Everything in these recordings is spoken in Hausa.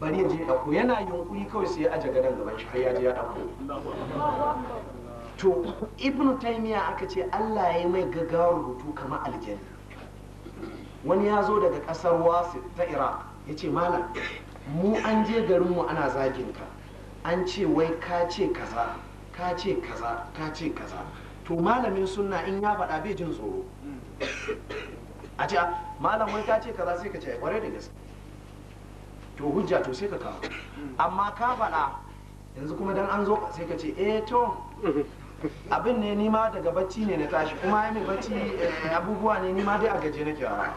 bari ya je ɗauko yana yunkuri kawai sai ya aje gadon gaban shi har ya je ya ɗauko to ibnu taymiya aka ce Allah ya mai gaggawar rubutu kamar aljanna wani ya zo daga ƙasar wasu ta iraq ya ce malam mu an je garinmu ana zagin ka an ce wai ka ce kaza ka ce kaza ka ce kaza to malamin sunna in ya faɗa bai jin tsoro a ce ah, malam wai ka ce kaza sai ka ce kware da gaske to hujja to sai ka kawo amma ka faɗa yanzu kuma dan an zo sai ka ce eh to abin ne nima daga bacci ne na tashi kuma ya mai bacci eh, abubuwa ne nima dai a gaje nake a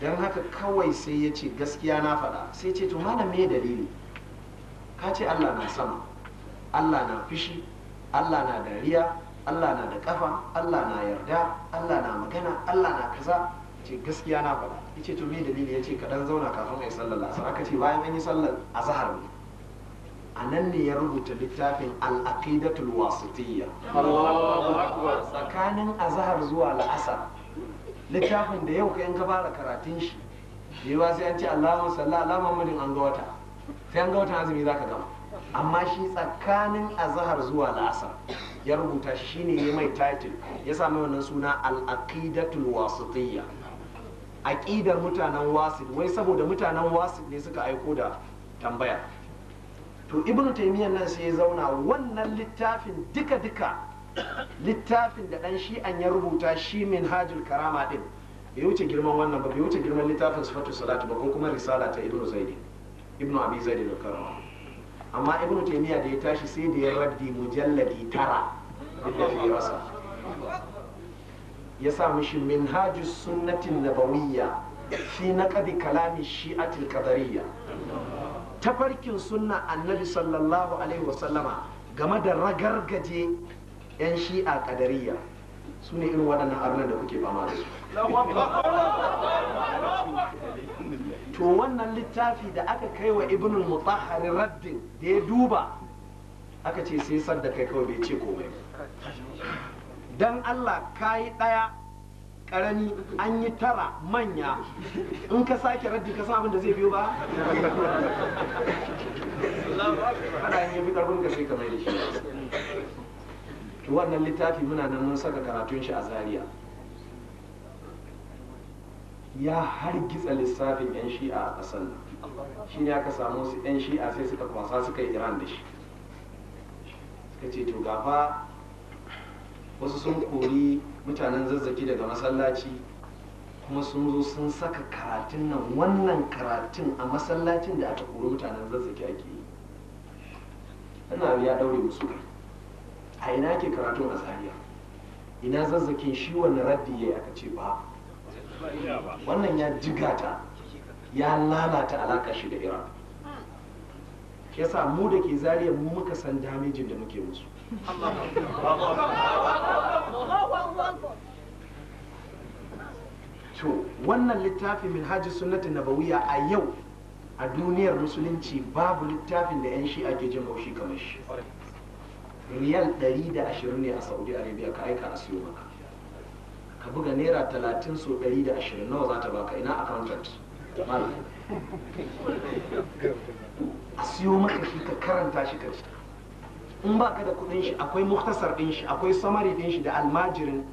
don haka kawai sai ya ce gaskiya na faɗa sai ce to malam me dalili ka ce allah na sama allah na fishi allah na dariya allah na da kafa allah na yarda allah na magana allah na kaza ce gaskiya na faɗa yace to me dalili yace ka dan zauna kafin ai sallar asar aka ce bayan an yi sallar azhar ne a nan ne ya rubuta littafin al-aqidatul wasitiyya tsakanin azhar zuwa la'asar littafin da yau ka in ka fara karatun shi yawa sai an ce Allahumma sallah, ala Muhammadin an ga wata sai an ga wata azumi zaka gama amma shi tsakanin azhar zuwa la'asar ya rubuta shi ne ya mai title ya sami wannan suna al-aqidatul wasitiyya aƙidar mutanen wasit wai saboda mutanen wasit ne suka aiko da tambaya to ibn taimiyyar nan sai ya zauna wannan littafin duka-duka littafin da ɗan shi'an ya rubuta shi min hajjul karama ɗin bai wuce girman wannan ba bai wuce girman littafin sifatu salatu ba ko kuma risala ta ibn zaidi ibn abi zaidi da karama amma ibn taimiyya da ya tashi sai da ya raddi mujalladi tara da ya rasa ya sa mishi minhajus sunnatin nabawiyya fi naqdi kalami shi'atil qadariyya tafarkin sunna annabi sallallahu alaihi wasallama game da ragargaje 'yan shi'a kadariya su ne irin waɗannan arnan da kuke fama da su to wannan littafi da aka kai wa ibnul mutahhari raddin da ya duba aka ce sai sadda kai kawai bai ce komai ba dan Allah kayi ɗaya karami an yi tara manya in ka sake raddi ka san abin da zai biyo ba ana yin yabi karfin da shi wannan littafi muna nan mun saka karatun shi a zaria ya hargitsa lissafin yan shi'a a ƙasar shi ne aka samu su yan shi'a sai suka kwasa suka yi iran da shi suka ce to gafa wasu sun kori mutanen zazzaki daga masallaci kuma sun zo sun saka karatun nan wannan karatun a masallacin da aka kori mutanen zazzaki ake yi wannan abu ya daure musu kai a ina ke karatun a zariya ina zazzakin shi wani raddi ya aka ce ba wannan ya jigata ya lalata alaka shi da iran yasa mu da ke zariya mu muka san damejin da muke musu to wannan littafi minhajis sunnati nabawiya a yau a duniyar musulunci babu littafin da 'yan shi ake jin haushi kamar shi riyal 120 ne a saudi arabia ka aika a siyo maka ka buga naira 30 so 120 nawa za ta baka ina accountant a siyo maka shi ka karanta shi ka ci in ba ka da kudin shi akwai muktasar din shi akwai samari din shi da almajirin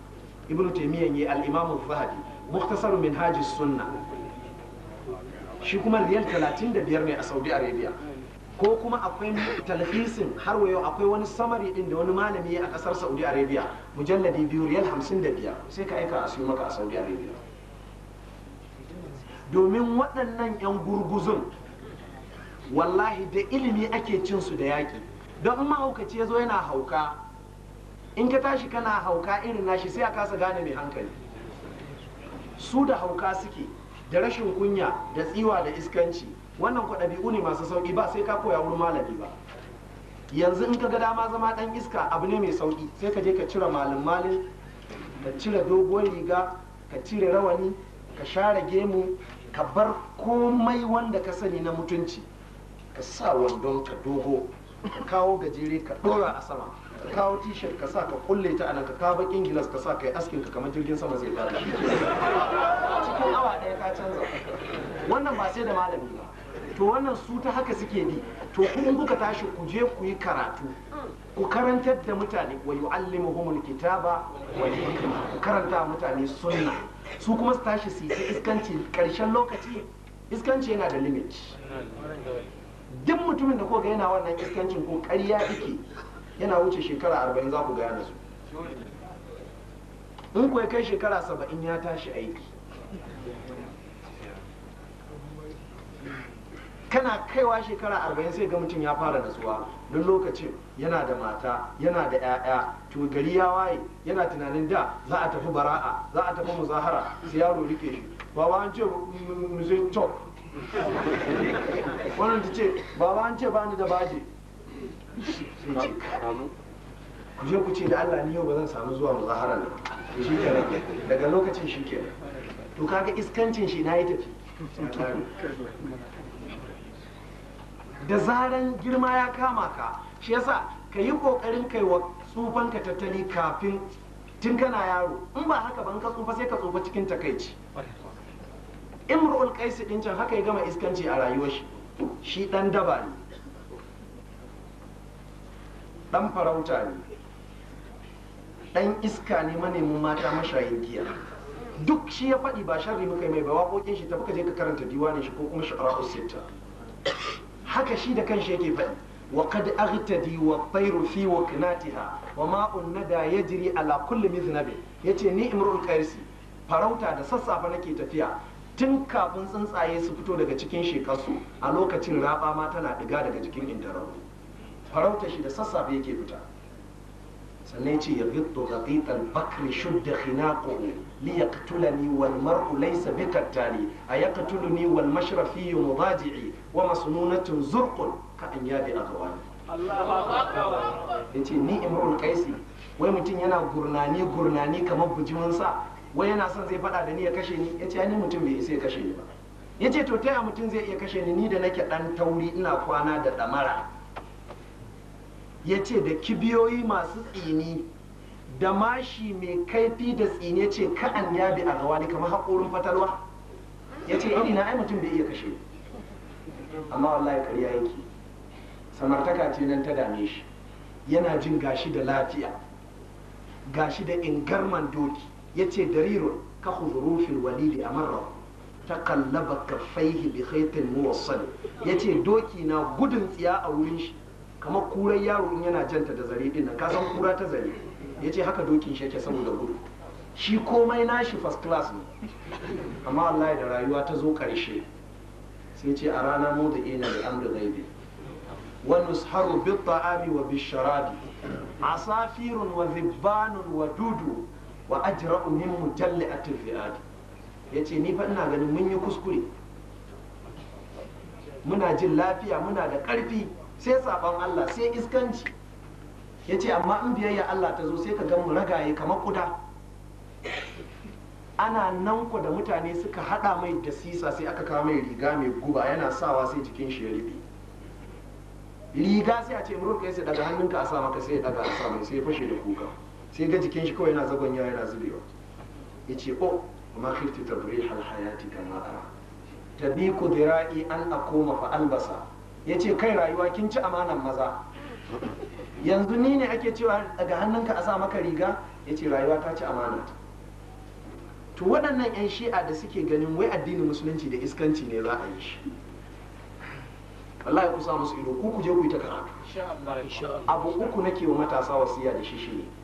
ibnu taymiyyah ya al-imam zahabi muktasar haji sunna shi kuma riyal 35 ne a saudi arabia ko kuma akwai talhisin har wayo akwai wani samari din da wani malami a kasar saudi arabia mujalladi biyu riyal 55 sai ka aika a maka a saudi arabia domin waɗannan 'yan gurguzun wallahi da ilimi ake cinsu da yaƙi don in mahaukaci ya zo yana hauka in ka tashi kana hauka irin nashi sai a kasa gane mai hankali su da hauka suke da rashin kunya da tsiwa da iskanci wannan kwa ɗabi'u ne masu sauƙi ba sai ka koya wurin malami ba yanzu in ka ga dama zama ɗan iska abu ne mai sauƙi sai ka je ka cire malin malin ka cire dogon riga ka cire rawani ka share gemu ka bar komai wanda ka sani na mutunci ka sa wandon ka dogo ka kawo gajere ka dora a sama ka kawo t ka sa ka kulle ta anan ka kawo bakin gilas ka sa ka yi askin ka kamar jirgin sama zai fara cikin awa ɗaya ka canza wannan ba sai da malami ba to wannan su ta haka suke bi to kun kuka tashi ku je ku yi karatu ku karantar da mutane wa yu'allimuhumul kitaba wa hikma ku karanta mutane sunna su kuma su tashi su yi iskanci karshen lokaci iskanci yana da limit duk mutumin da koga yana wannan iskancin ko ƙarya ike yana wuce shekara arba'in za ku gane su in kuwa kai shekara saba'in ya tashi aiki kana kaiwa shekara arba'in sai ga mutum ya fara nasuwa don lokacin yana da mata yana da 'ya'ya to gari ya waye yana tunanin da za a tafi bara'a za a tafi muzahara sai yaro rike shi ba an ce mu wannan ta ce baba an ce bani da baje ku je ku ce da Allah ni yau ba zan samu zuwa muzahara nan shi kenan daga lokacin shi ke to kaga iskancin shi na yi tafi da zaran girma ya kama ka shi yasa ka yi kokarin kai wa tsufanka tattali kafin tun kana yaro in ba haka ban ka tsufa sai ka tsufa cikin takaici imrul kaisi din can haka ya gama iskanci a rayuwar shi shi dan daba ne dan farauta ne dan iska ne manemin mata mashayin giya duk shi ya faɗi ba sharri muka yi mai ba waƙoƙin shi tafi ka je ka karanta diwanin shi ko kuma shu'ara usitta haka shi da kanshi yake faɗi wa kad aghtadi wa tayru fi kanatiha wa ma nada yajri ala kulli miznabi yace ni imrul qaisi farauta da sassafe nake tafiya tun kafin tsuntsaye su fito daga cikin shekarsu a lokacin raba ma tana diga daga jikin indarau farauta shi da sassafe yake fita sannan ce yaghiddu ghaqitan bakri hina khinaquhu li ni wal mar'u ya katula ni wal mashrafi mudaji'i wa masnunatun zurkun ka an yabi aghwani Allahu ya yace ni imrul kaisi wai mutum yana gurnani gurnani kamar bujimansa wai yana son zai faɗa da ni ya kashe ni ya ce ni mutum bai isa ya kashe ni ba ya ce to taya mutum zai iya kashe ni ni da nake ɗan tauri ina kwana da ɗamara ya ce da kibiyoyi masu tsini da mashi mai kaifi da tsini ya ce ka'an ya bi a gawa ni kamar haƙorin fatalwa ya ce iri na ai mutum bai iya kashe amma wallahi ƙarya yake samartaka ce nan ta dame shi yana jin gashi da lafiya gashi da ingarman doki yace dariru ka huzurufin walidi a ta kallaba kaffaihi bi khaitin muwassal yace doki na gudun tsiya a wurin shi kamar kurar yaro in yana janta da zare din ka san kura ta zare yace haka dokin shi yake saboda gudu shi komai nashi first class ne amma wallahi da rayuwa ta zo karshe sai ce a rana mu da ina da amri gaibi wa nusharu bi ta'ami wa bi A asafirun wa zibbanun wa dudu wa ajra'u min mujallatil fi'ad yace ni fa ina ganin mun yi kuskure muna jin lafiya muna da ƙarfi sai saban Allah sai iskanci yace amma in biyayya Allah ta zo sai ka ga mu ragaye kamar kuda ana nan ku da mutane suka haɗa mai da sisa sai aka kawo mai riga mai guba yana sawa sai jikin shi ya rufe riga sai a ce murka sai daga hannunka a sa maka sai ya daga a sa mai sai fashe da kuka sai ka jikin shi kawai yana zagon yawa yana zubewa ya ce o oh, ma ta tabrih al hayati kama ara bi dira'i an koma fa albasa ya ce kai rayuwa kin ci amanan maza yanzu ni ne ake cewa daga hannunka a sa maka riga ya ce rayuwa ta ci amana to waɗannan 'yan shi'a da suke ganin wai addinin musulunci da iskanci ne za a yi shi wallahi ku sa musu ido ku ku je ku yi ta karatu abu uku nake wa matasa wasiya da shi shi ne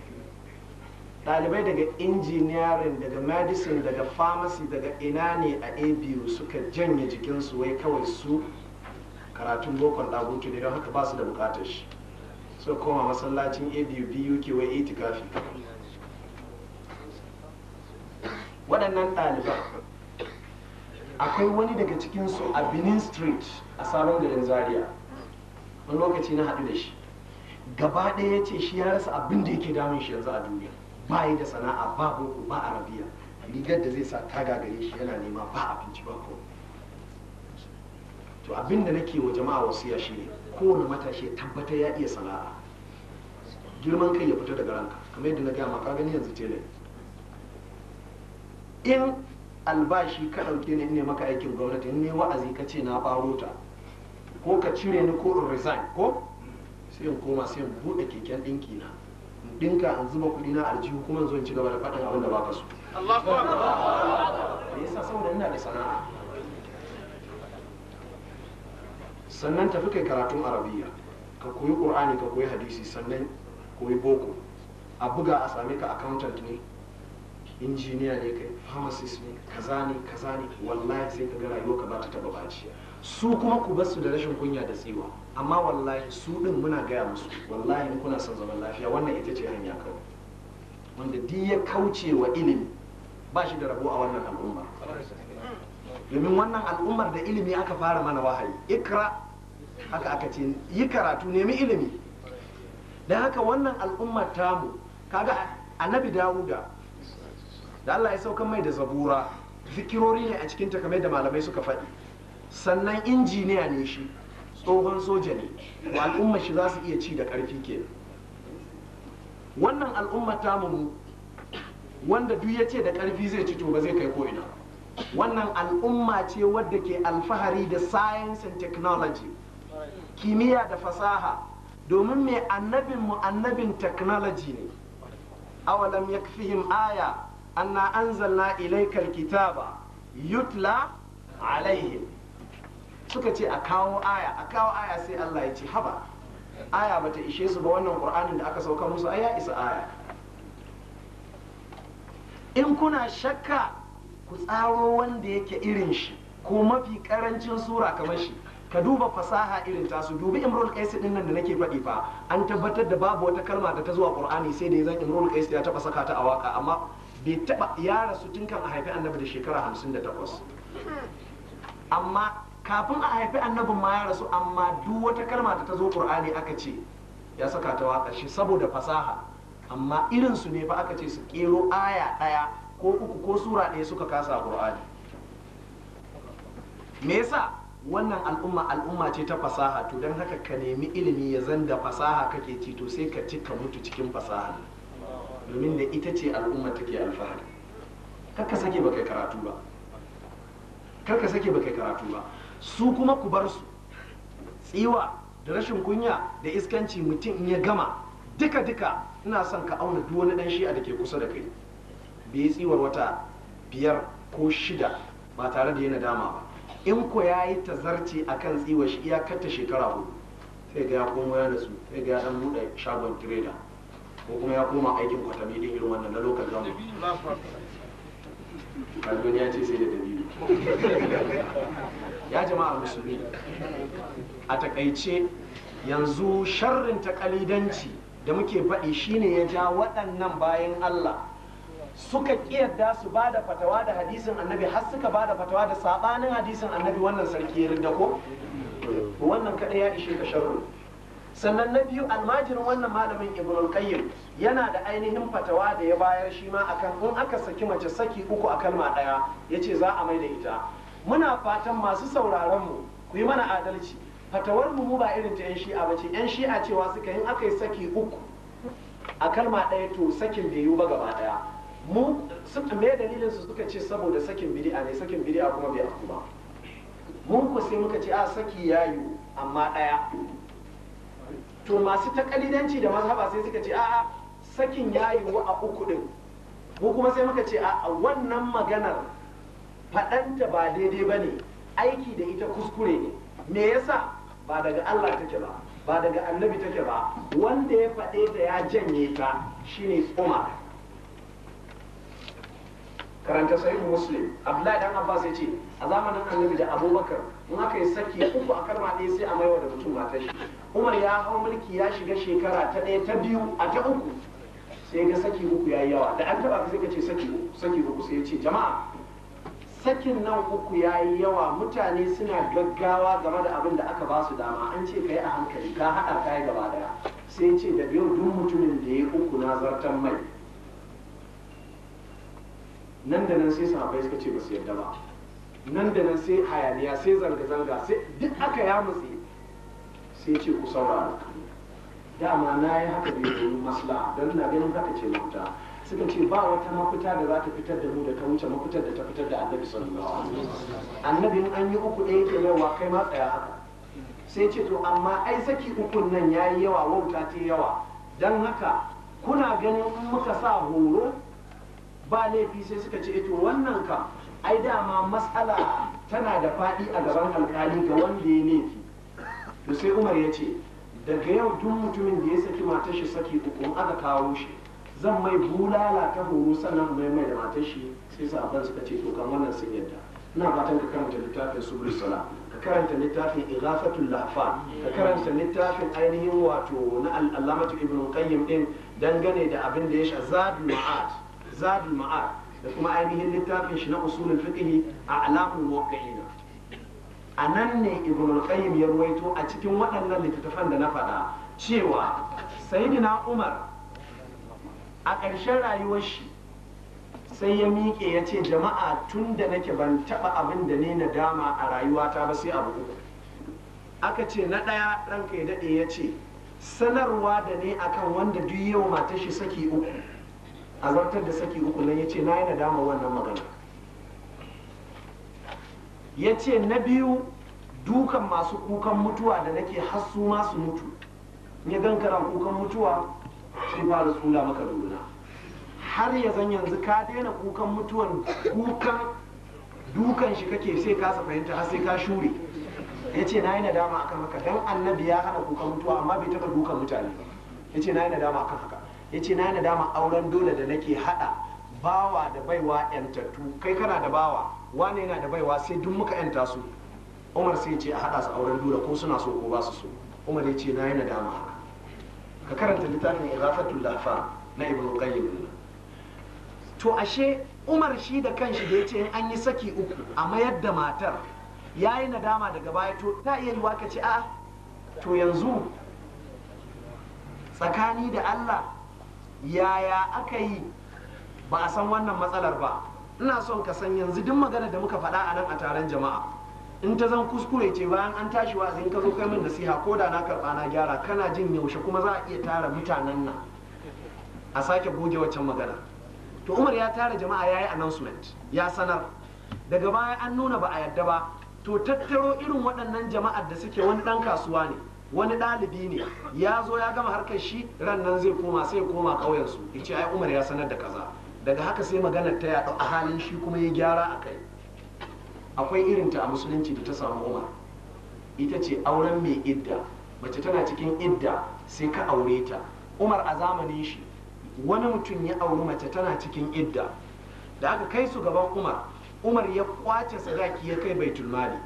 ɗalibai daga injiniyarin daga medicine daga pharmacy daga ina ne a abu suka janye jikinsu wai kawai su karatun bokon ɗagutu ne don haka ba su da bukatar shi so koma masallacin abu biyu ke wai kafi waɗannan ɗaliban akwai wani daga cikinsu a benin street a sabon garin zaria wani lokaci na haɗu da shi gaba ɗaya ya ce shi ya rasa abin da yake damun shi yanzu a duniya ba yi da sana'a ba boko ba arabiya rigar da zai sa taga gare shi yana nema ba abinci ba ko to abin da nake wa jama'a shi shine kowane matashi tabbatar ya iya sana'a girman kai ya fita daga ranka kamar yadda na gaya ma gani yanzu tele in albashi ka ɗauke ni ne maka aikin gwamnati in ne wa'azi ka ce na ɓaro ta ko ka cire ni ko in resign ko sai in koma sai in buɗe keken ɗinki na dinka an zuba kuɗi na aljihu kuma zo in ci gaba da faɗin abin da ba ka so me yasa saboda ina da sana'a sannan tafi kai karatun arabiya ka koyi qur'ani ka koyi hadisi sannan koyi boko a buga a same ka accountant ne injiniya ne kai pharmacist ne kaza ne kaza ne wallahi sai ka ga rayuwa ka ba ta taba baciya su kuma ku basu da rashin kunya da tsiwa amma wallahi su din muna gaya musu wallahi in kuna son zaman lafiya wannan ita ce hanya kawai wanda di ya kauce wa ilimi ba shi da rabo a wannan al'umma domin wannan al'ummar da ilimi aka fara mana wahayi ikra haka aka ce yi karatu nemi ilimi don haka wannan al'ummar tamu kaga annabi dawuda da Allah ya saukan mai da zabura Fikirori ne a cikin takamai da malamai suka faɗi sannan injiniya ne shi tsohon soja ne al'umma shi za su iya ci da ƙarfi ke wannan al'umma ta mu wanda duk ya ce da ƙarfi zai ci to ba zai kai ko ina wannan al'umma ce wadda ke alfahari da science and technology kimiyya da fasaha domin mai annabin mu annabin technology ne awalam yakfihim aya anna anzalna ilaikar kitaba yutla alaihim suka ce a kawo aya a kawo aya sai Allah ya ce haba aya bata ishe su ba wannan qur'anin da aka sauka musu aya isa aya in kuna shakka ku tsaro wanda yake irin shi ko mafi karancin sura kamar shi ka duba fasaha irin tasu dubi imrul qais din nan da nake faɗi fa an tabbatar da babu wata kalma da ta zuwa qur'ani sai da zan imrul qais ya taba saka ta a waka amma bai taba ya rasu tun kan a haifi annabi da shekara 58 amma kafin a haifi annabin ma ya rasu amma duk wata kalma da ta zo qur'ani aka ce ya saka ta wa shi saboda fasaha amma irin su ne fa aka ce su kero aya daya ko uku ko sura ɗaya suka kasa qur'ani me yasa wannan al'umma al'umma ce ta fasaha to don haka ka nemi ilimi ya zan da fasaha kake ci to sai ka ci ka mutu cikin fasaha domin da ita ce al'umma take alfahari kar ka sake baka karatu ba kar ka sake baka karatu ba su kuma ku bar su tsiwa da rashin kunya da iskanci mutum in ya gama duka duka ina son ka auna duk wani dan shi'a da ke kusa da kai bai tsiwar wata biyar ko shida ba tare da yana dama ba in ko ya yi tazarci a kan tsiwa shi iyakar ta shekara hudu sai ga ya koma ya nasu sai ga ya dan buɗe shagon tireda ko kuma ya koma aikin kwatami din irin wannan na lokacin balgon ya ce sai da dalilu ya jama'a musulmi a takaice yanzu sharrin takalidanci da muke faɗi shine ya ja waɗannan bayan Allah suka kiyarda su ba da fatawa da hadisin annabi har suka ba da fatawa da saɓanin hadisin annabi wannan sarki ya ko wannan kaɗai ya ishe ka sharrin sannan na biyu almajirin wannan malamin ibn al-qayyim yana da ainihin fatawa da ya bayar shi ma akan in aka saki mace saki uku a kalma daya yace za a maida ita muna fatan masu sauraron mu ku yi mana adalci fatawar mu mu ba irin ta yan shi'a bace yan shi'a cewa suka yin aka yi saki uku a kalma daya to sakin bai yiwu ba gaba daya mu me dalilin su suka ce saboda sakin bid'a ne sakin bid'a kuma bai afu ba mun ku sai muka ce a saki yayu amma daya to masu takalidanci da mazhaba sai suka ce a'a sakin ya yiwu a uku din mu kuma sai muka ce a'a wannan maganar faɗanta ba daidai ba ne aiki da ita kuskure ne me yasa ba daga Allah take ba ba daga annabi take ba wanda ya faɗe da ya janye ta shine tsoma karanta sahihu muslim abdullahi dan abbas ya ce a zamanin annabi da abubakar in aka yi saki uku a kalma ɗaya sai a maiwa da mutum mata shi umar ya hau mulki ya shiga shekara ta ɗaya ta biyu a ta uku sai ga saki uku ya yi yawa da an taba ka sai ka ce saki uku saki uku sai ya ce jama'a sakin nan uku ya yi yawa mutane suna gaggawa game da abin da aka ba su dama an ce ka yi a hankali ka haɗa ka yi gaba daya sai ce da biyu duk mutumin da ya uku na zartan mai nan da nan sai bai suka ce ba su yadda ba nan da nan sai hayaniya sai zanga-zanga sai duk aka ya mutse sai ce ku saurara dama na yi haka bai domin masla don na ganin haka ce mafita suka ce ba wata mafita da za ta fitar da mu da ta wuce mafitar da ta fitar da annabi sallallahu alaihi annabi in an yi uku ɗaya ke yawa kai ma tsaya haka sai ce to amma ai saki ukun nan yayi yawa wauta ta yawa dan haka kuna ganin in muka sa horo ba laifi sai suka ce eh to wannan kam ai dama matsala tana da faɗi a gaban alkali ga wanda ya nufi to sai umar ya ce daga yau duk mutumin da ya saki matar shi saki uku aka kawo shi zan mai bulala ta horo sannan mai mai da matar shi sai sahabban suka ce to kan wannan sun yadda ina fatan ka karanta littafin su sala ka karanta littafin ighafatul lafa. ka karanta littafin ainihin wato na alamatu ibn qayyim din dangane da abin da ya sha zadul ma'ad zadul ma'ad da kuma ainihin littafin shi na usulul fikiri a alamun a nan ne ibn al-qayyim ya ruwaito a cikin waɗannan littattafan da na faɗa cewa sayyidina umar a ƙarshen rayuwar shi sai ya miƙe ya ce jama'a tun da nake ban taɓa abin da ne na dama a rayuwata ba sai a uku aka ce na ɗaya ranka ya daɗe ya ce sanarwa da ne akan wanda duk yau matashi saki uku a da saki uku nan ya ce na yi nadama wannan magana ya ce na biyu dukan masu kukan mutuwa da nake hasu masu mutu ya gankara kukan mutuwa shi fara tsula maka duna har ya zan yanzu ka daina kukan mutuwan kukan dukan shi kake sai kasa fahimta har sai ka shure ya ce na yi nadama akan haka don annabi ya hana kukan mutuwa amma bai taɓa dukan mutane ya ce na yi nadama akan haka ya ce na nadama auren dole da nake haɗa bawa da baiwa yantattu kai kana da bawa wane yana da baiwa sai duk muka yanta su umar sai ce a haɗa su auren dole ko suna so ko ba su so umar ya ce na yi nadama ka karanta littafin irafatul lafa na ibn qayyim to ashe umar shi da kanshi da ya ce an yi saki uku a mayar da matar ya yi nadama daga baya to ta iya yiwa ka ce a to yanzu tsakani da allah yaya aka yi ba a san wannan matsalar ba ina son ka san yanzu duk magana da muka faɗa a nan a taron jama'a in ta zan kuskure ce bayan an tashi in ka zo kai min nasiha ko da na karɓa na gyara kana jin yaushe kuma za a iya tara mutanen nan a sake goge waccan magana to umar ya tara jama'a ya yi announcement ya sanar daga baya an nuna ba a yadda ba to tattaro irin waɗannan jama'ar da suke wani ɗan kasuwa ne wani ɗalibi ne ya zo ya gama harkar shi ran nan zai koma sai ya koma ƙauyensu ya ce ai umar ya sanar da kaza daga haka sai maganar ta yaɗu a halin shi kuma ya gyara a kai akwai irinta a musulunci da ta samu umar ita ce auren mai idda mace tana cikin idda sai ka aure ta umar a zamanin shi wani mutum ya auri mace tana cikin idda da aka kai su gaban umar umar ya kwace sadaki ya kai baitulmali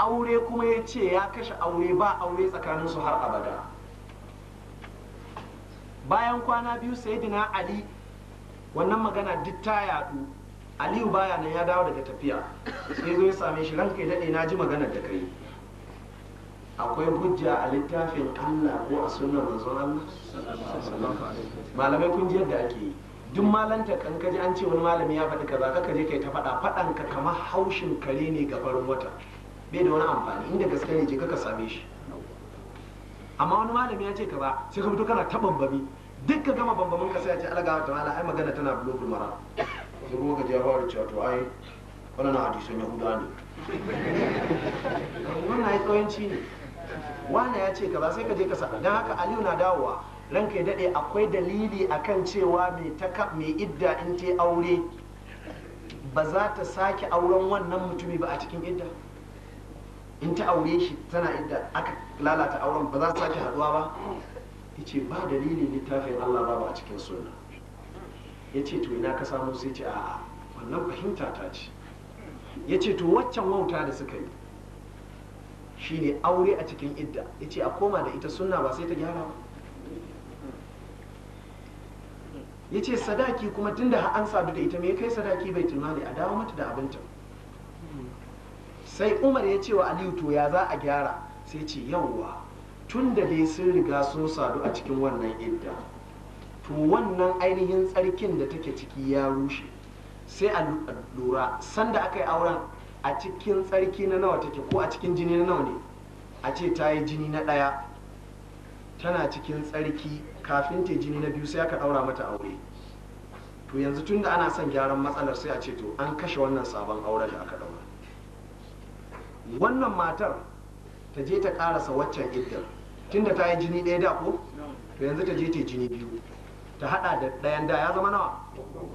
aure kuma ya ce ya kashe aure ba aure tsakaninsu har abada bayan kwana biyu sai ali wannan magana duk ta yadu aliyu baya nan ya dawo daga tafiya sai zo ya same shi ranka daɗe na ji magana da kai akwai hujja a littafin allah ko a sunan manzon allah malamai kun ji yadda ake yi duk malanta kan kaji an ce wani malami ya faɗi kaza kaje je kai ta faɗa faɗan kamar haushin kare ne gabarin wata bai da wani amfani inda gaske ne je ka same shi amma wani malami ya ce ka ba sai ka fito kana ta bambami duk ka gama bambamin ka sai ya ce alaga wa ta'ala ai magana tana bulo mara sai kuma ka je ya fara cewa to ai wannan hadisan yahuda ne wannan yi tsoyanci ne wani ya ce ka ba sai ka je ka sa don haka aliyu na dawowa ranka ya dade akwai dalili akan cewa mai idda in ta aure ba za ta sake auren wannan mutumi ba a cikin idda in ta aure shi tana inda aka lalata auren ba za su sake haduwa ba ya ce ba dalilin littafin allah babu a cikin sunna ya ce to ina ka samu sai ce a'a wannan fahimta ta ce ya ce to waccan wauta da suka yi shine aure a cikin idda ya ce a koma da ita sunna ba sai ta gyara ba ya ce sadaki kuma tunda an sadu da ita me kai sadaki bai tunani a dawo mata da abinta sai umar ya ce wa aliyu to ya za a gyara sai ce yawwa tun da dai sun riga sun sadu a cikin wannan idda to wannan ainihin tsarkin da take ciki ya rushe sai a lura sanda aka yi auren a cikin tsarki na nawa take ko a cikin jini na nawa ne a ce ta yi jini na ɗaya tana cikin tsarki kafin ta jini na biyu sai aka ɗaura mata aure to yanzu tun da ana son gyaran matsalar sai a ce to an kashe wannan sabon auren da aka wannan matar ta je ta karasa waccan iddar tunda ta yi jini ɗaya da ko to yanzu ta je ta jini biyu ta hada da ɗayan da ya zama nawa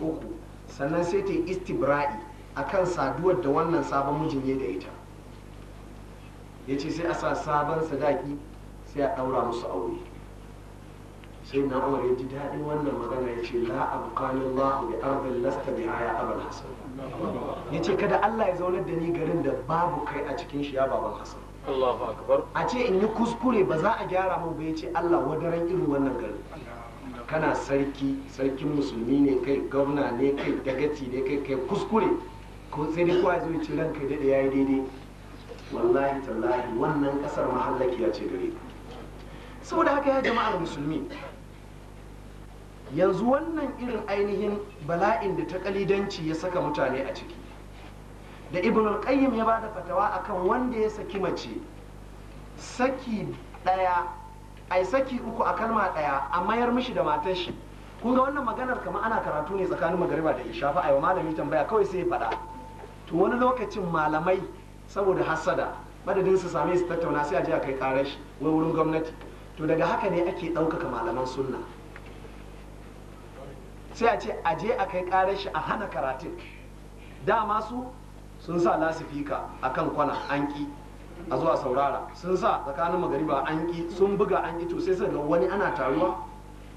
uku sannan sai ta yi istibra'i a kan saduwar da wannan sabon mijin ya da ita ya ce sai a sa sabon sadaki sai a ɗaura musu aure sai na umar ya ji daɗin wannan magana ya ce la kanin allah bi ardin lasta bi haya abin hasan ya ce kada Allah ya zaunar da ni garin da babu kai a cikin shi ya baban hasan a ce in yi kuskure ba za a gyara mun ba ya ce Allah wadaran irin wannan garin kana sarki sarkin musulmi ne kai gwamna ne kai dagaci ne kai kai kuskure ko sai dai kowa zai ci ranka daɗe ya yi daidai wallahi tallahi wannan mahallaki ya ce gare saboda haka ya jama'ar musulmi yanzu wannan irin ainihin bala'in da ta kalidanci ya saka mutane a ciki da ibn al-qayyim ya bada fatawa akan wanda ya saki mace saki daya ai saki uku a kalma ɗaya a mayar mishi da matar shi kun ga wannan maganar kamar ana karatu ne tsakanin magariba da isha fa aiwa malami tambaya kawai sai ya faɗa to wani lokacin malamai saboda hassada madadin su same su tattauna sai a je a kai karar shi wurin gwamnati to daga haka ne ake ɗaukaka malaman sunna sai a ce a je a kai karar shi a hana karatun dama su sun sa lasifika a kan kwana an ki a zuwa saurara sun sa tsakanin magariba an ki sun buga an ki to sai sun ga wani ana taruwa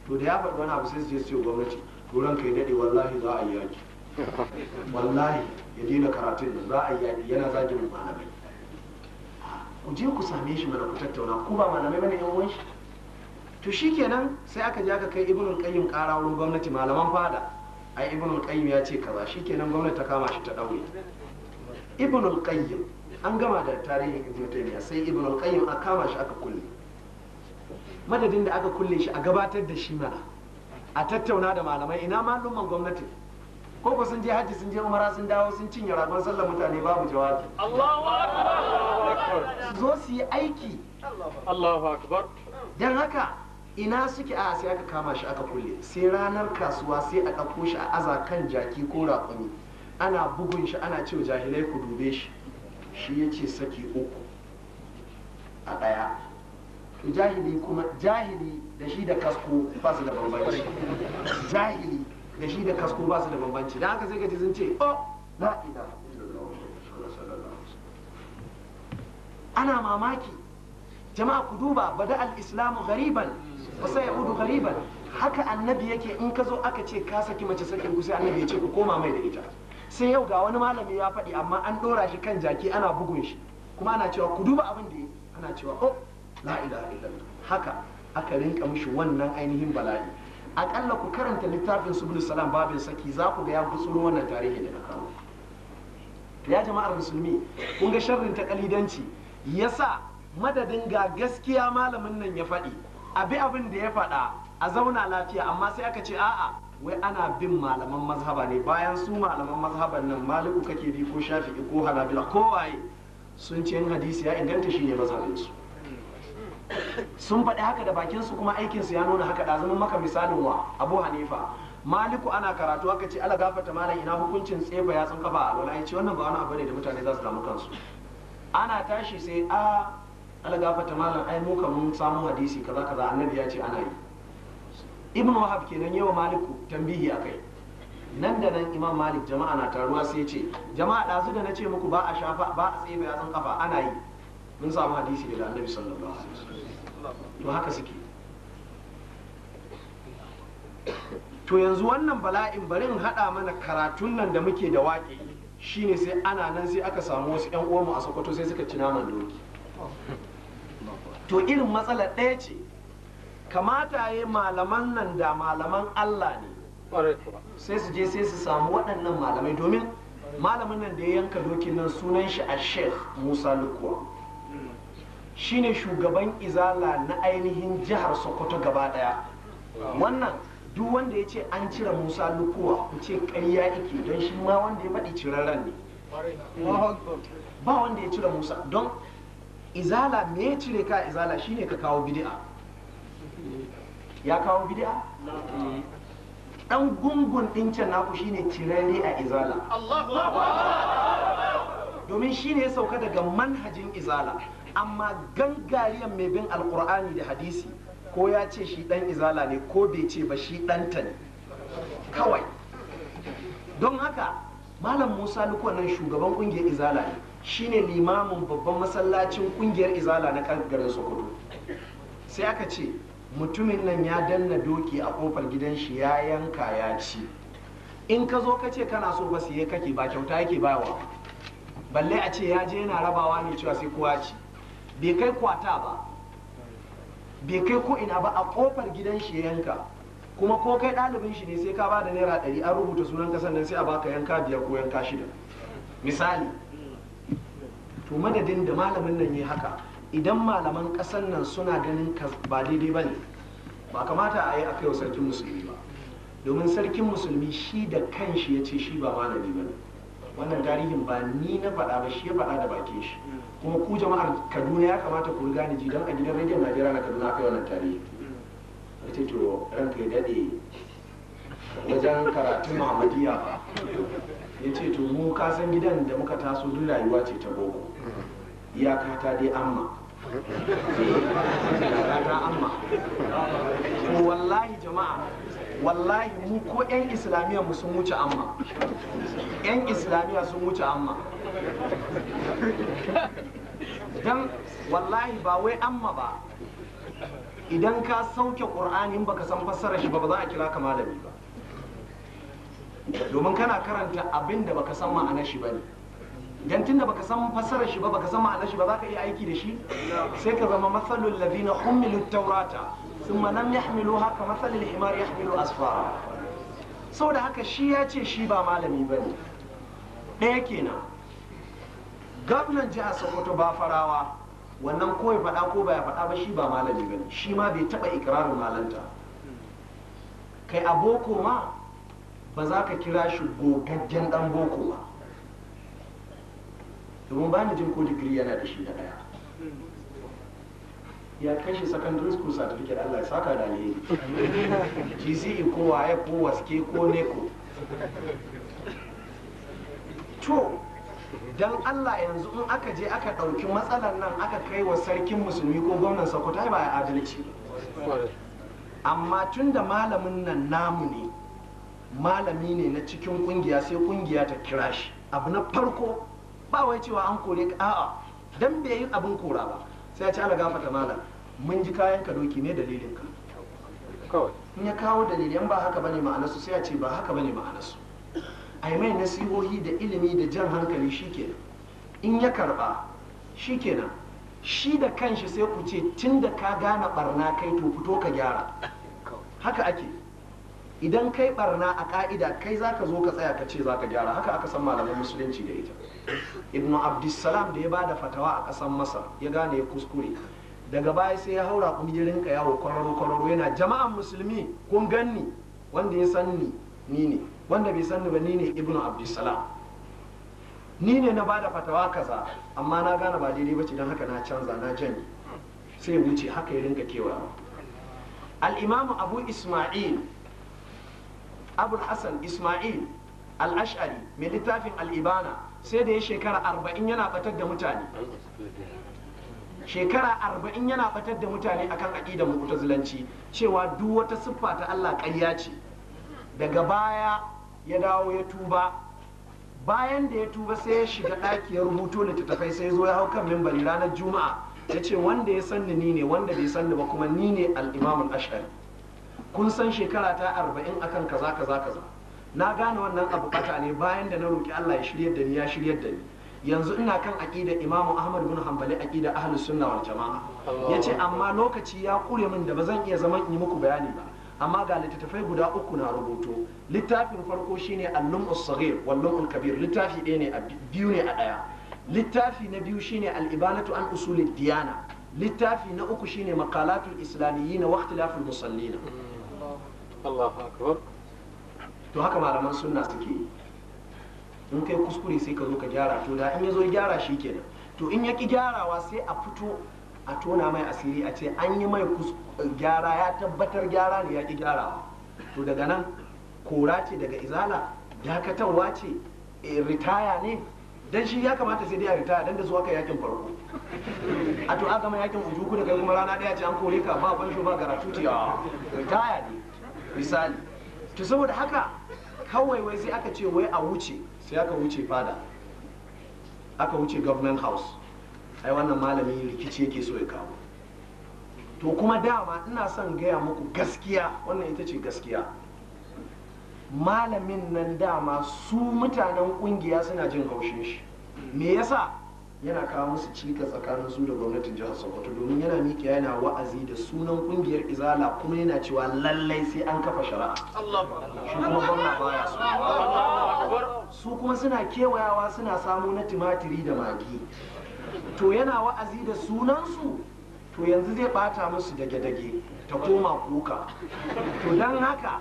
to da ya faɗi wani abu sai su je su yi gwamnati turan kai ya daɗe wallahi za a yi yaki wallahi ya daina karatun da za a yi yaki yana zagin malamai ku je ku same shi mana ku tattauna ku ba malamai bane yan uwan shi to shikenan sai aka je aka kai ibnul qayyim kara wurin gwamnati malaman fada ai ibnul qayyim ya ce kaza shikenan gwamnati ta kama shi ta daure ibnul qayyim an gama da tarihin ibn taymiya sai ibnul qayyim aka kama shi aka kulle madadin da aka kulle shi a gabatar da shi mana a tattauna da malamai ina malumman gwamnati ko ko sun je hajji sun je umara sun dawo sun cinye ragon sallar mutane babu jawabi Allahu akbar zo su yi aiki Allahu akbar dan haka ina suke a sai aka kama shi aka kulle sai ranar kasuwa sai a ɗauko shi a aza kan jaki ko raƙumi ana bugun shi ana cewa jahilai ku dube shi shi ya ce saki uku a ɗaya to jahili kuma jahili da shi da kasko ba su da bambanci jahili da shi da kasko ba su da bambanci da haka sai gaji sun ce oh la ina ana mamaki jama'a ku duba bada al-islamu gariban fasa ya udu gariban haka annabi yake in ka zo aka ce ka saki mace sakin ku sai annabi ya ce ku koma mai da ita sai yau ga wani malami ya faɗi amma an ɗora shi kan jaki ana bugun shi kuma ana cewa ku duba abin da ana cewa oh la ilaha illallah haka aka rinka mishi wannan ainihin bala'i akalla ku karanta littafin subul salam babin saki za ku ga ya gutsuro wannan tarihi da kawo ya jama'ar musulmi kun ga sharrin ta kalidanci yasa madadin ga gaskiya malamin nan ya faɗi abi abin da ya faɗa a zauna lafiya amma sai aka ce a'a wai ana bin malaman mazhaba ne bayan su malaman mazhaban nan maliku kake bi ko shafi'i ko hanabila ko waye sun ce hadisi ya inganta shi ne mazhabin su sun faɗi haka da bakin su kuma aikin su ya nuna haka da zaman maka misalin wa Abu Hanifa maliku ana karatu aka ce ala gafata malam ina hukuncin tseba ya tsun Wani ai ce wannan ba wani abu ne da mutane za su damu kansu ana tashi sai a ala gafata malam ai mu mun samu hadisi kaza kaza annabi ya ce ana yi ibn wahab kenan yawa maliku tambihi akai nan da nan imam malik jama'a na taruwa sai ce jama'a ɗazu da na ce muku ba a shafa ba a tsaye yatsun kafa ana yi mun samu hadisi daga annabi sallallahu alaihi wasallam to haka suke to yanzu wannan bala'in bari in mana karatun nan da muke da waƙe shine sai ana nan sai aka samu wasu 'yan uwanmu a sokoto sai suka ci naman doki to irin matsala ɗaya ce kamata ya malaman nan da malaman Allah ne sai su je sai su samu waɗannan malamai domin malamin nan da ya yanka dokin nan sunan shi a sheikh musa lukuwa shine shugaban izala na ainihin jihar sokoto gaba ɗaya wannan duk wanda ya ce an cire musa lukuwa ku ce ƙarya ike don shi ma wanda ya faɗi cirarren ne ba wanda ya cire musa don izala me ya cire ka izala shine ka kawo bid'a ya kawo bid'a dan gungun din can naku shine cirare a izala domin shine ya sauka daga manhajin izala amma gangariyan mai bin alkur'ani da hadisi ko ya ce shi dan izala ne ko bai ce ba shi danta ne kawai don haka malam musa lukwanan shugaban kungiyar izala ne shine limamin babban masallacin kungiyar izala na garin sokoto sai aka ce mutumin nan ya danna doki a kofar gidan shi ya yanka ya ci in ka zo ka ce kana so ba siye kake ba kyauta yake bawa balle a ce ya je yana rabawa ne cewa sai kowa ci bai kai kwata ba bai kai ko ina ba a kofar gidan shi ya yanka kuma ko kai ɗalibin shi ne sai ka ba da naira ɗari an rubuta sunan kasan nan sai a baka yanka biyar ko yanka shida misali to madadin da malamin nan ya haka idan malaman ƙasar nan suna ganin ba daidai ba ne ba kamata a yi a kaiwa sarkin musulmi ba domin sarkin musulmi shi da kan shi ya ce shi ba malami ba ne wannan tarihin ba ni na faɗa ba shi ya faɗa da bakin shi kuma ku jama'ar kaduna ya kamata ku gane ji don a gidan rediyon najeriya na kaduna kai wannan tarihi a ce to ranka ya daɗe wajen karatun muhammadiyya ba ya ce to mu kasan gidan da muka taso duk rayuwa ce ta boko iyaka ta dai amma iyaka ta amma to wallahi jama'a wallahi mu ko 'yan islamiyya mu sun wuce amma 'yan islamiyya sun wuce amma don wallahi ba wai amma ba idan ka sauke ƙur'ani baka san fassara shi ba ba za a kira ka malami ba domin kana karanta abin da baka san ma'anar shi ba ne dan tunda baka san fassarar shi ba baka san ma'anar shi ba zaka iya aiki da shi sai ka zama masalul ladina taurata. tawrata thumma lam yahmiluha ka masalil himar yahmilu asfara saboda haka shi ya ce shi ba malami ba ne ɗaya kenan gwamnan jihar sokoto ba farawa wannan ko ya faɗa ko ba ya faɗa ba shi ba malami ba ne shi ma bai taɓa ikirarin malanta kai aboko ma ba za ka kira shi gogaggen dan boko ba domin ba ni jin ko digiri yana da shi da daya ya kashe secondary school certificate Allah ya saka da alheri GCE ko waye ko waske ko neko to dan Allah yanzu in aka je aka ɗauki matsalar nan aka kai wa sarkin musulmi ko gwamnan Sokoto ba ya adalci amma tun da malamin nan namu ne malami ne na cikin kungiya sai kungiya ta kira shi abu na farko ba wai cewa an kore ka a'a dan bai yi abin kora ba sai ya ci ala gafata malam mun ji kayan ka doki ne dalilin ka kawai in ya kawo dalilin ba haka bane ma'anasu sai ya ce ba haka bane ma'anarsu ai mai nasihohi da ilimi da jan hankali shikenan in ya karba shikenan shi da kanshi sai ku ce tun da ka gane barna kai to fito ka gyara haka ake idan kai barna a ka'ida kai za ka zo ka tsaya ka ce za ka gyara haka aka san malaman musulunci da ita Ibnu abdissalam da ya bada fatawa a kasan masar ya gane ya kuskure daga baya sai ya haura kungiyoyin ka yawo kwararo kwararo yana jama'an musulmi kun ganni wanda ya san ni ni ne wanda bai san ni ba ni ne ibn abdissalam ni ne na bada fatawa kaza amma na gane ba daidai bace don haka na canza na janye sai wuce haka ya rinka kewa al-imamu abu isma'il abu hassan isma'il al-ash'ari mai littafin al'ibana ibana sai da ya shekara arba'in yana batar da mutane shekara arba'in yana batar da mutane akan aƙidar mu'tazilanci cewa duk wata siffa ta Allah ƙarya ce daga baya ya dawo ya tuba bayan da ya tuba sai ya shiga ɗakiyar ya rubuto littattafai sai zo ya hau kan mimbari ranar juma'a ya ce wanda ya sanni ni ne wanda bai sanni ba kuma ni ne al ash'ari kun san shekara ta arba'in akan kaza kaza kaza na gane wannan abu bata ne bayan da na roƙi Allah ya shiryar da ni ya shiryar da ni yanzu ina kan aƙida imamu ahmad bin hanbali aƙida ahlus sunna wal jama'a yace amma lokaci ya kure min da ba zan iya zama in yi muku bayani ba amma ga littattafai guda uku na rubuto littafin farko shine al-lum saghir wal kabir littafi ɗaya ne a biyu ne a ɗaya littafi na biyu shine al-ibanatu an usulid diyana littafi na uku shine maqalatul islamiyyin wa ikhtilaful musallin hmm. to haka malaman sunna suke yi in kai kuskure sai ka zo ka gyara to da in ya zo gyara shi kenan to in ya ki gyarawa sai a fito a tona mai asiri a ce an yi mai gyara ya tabbatar gyara ne ya ki gyarawa to daga nan kora ce daga izala dakatarwa ce eh, ritaya ne dan shi ya kamata sai dai a ritaya dan da zuwa ka yakin farko a to aka mai yakin ujuku da kai kuma rana daya ce an kore ka ba ban ba garatuti a ah, ritaya ne misali to saboda haka kawai wai sai aka ce wai a wuce sai aka wuce fada aka wuce government house ai wannan malami rikici yake so ya kawo to kuma dama ina son gaya muku gaskiya wannan ita ce gaskiya malamin nan dama su mutanen kungiya suna jin haushin shi me yasa yana kawo musu cika tsakanin su da gwamnatin jihar sokoto domin yana mikiya yana wa'azi da sunan kungiyar izala kuma yana cewa lallai sai an kafa shari'a shi kuma gwamna baya su su kuma suna kewayawa suna samu na timatiri da magi to yana wa'azi da sunansu to yanzu zai bata musu dage-dage ta koma kuka to don haka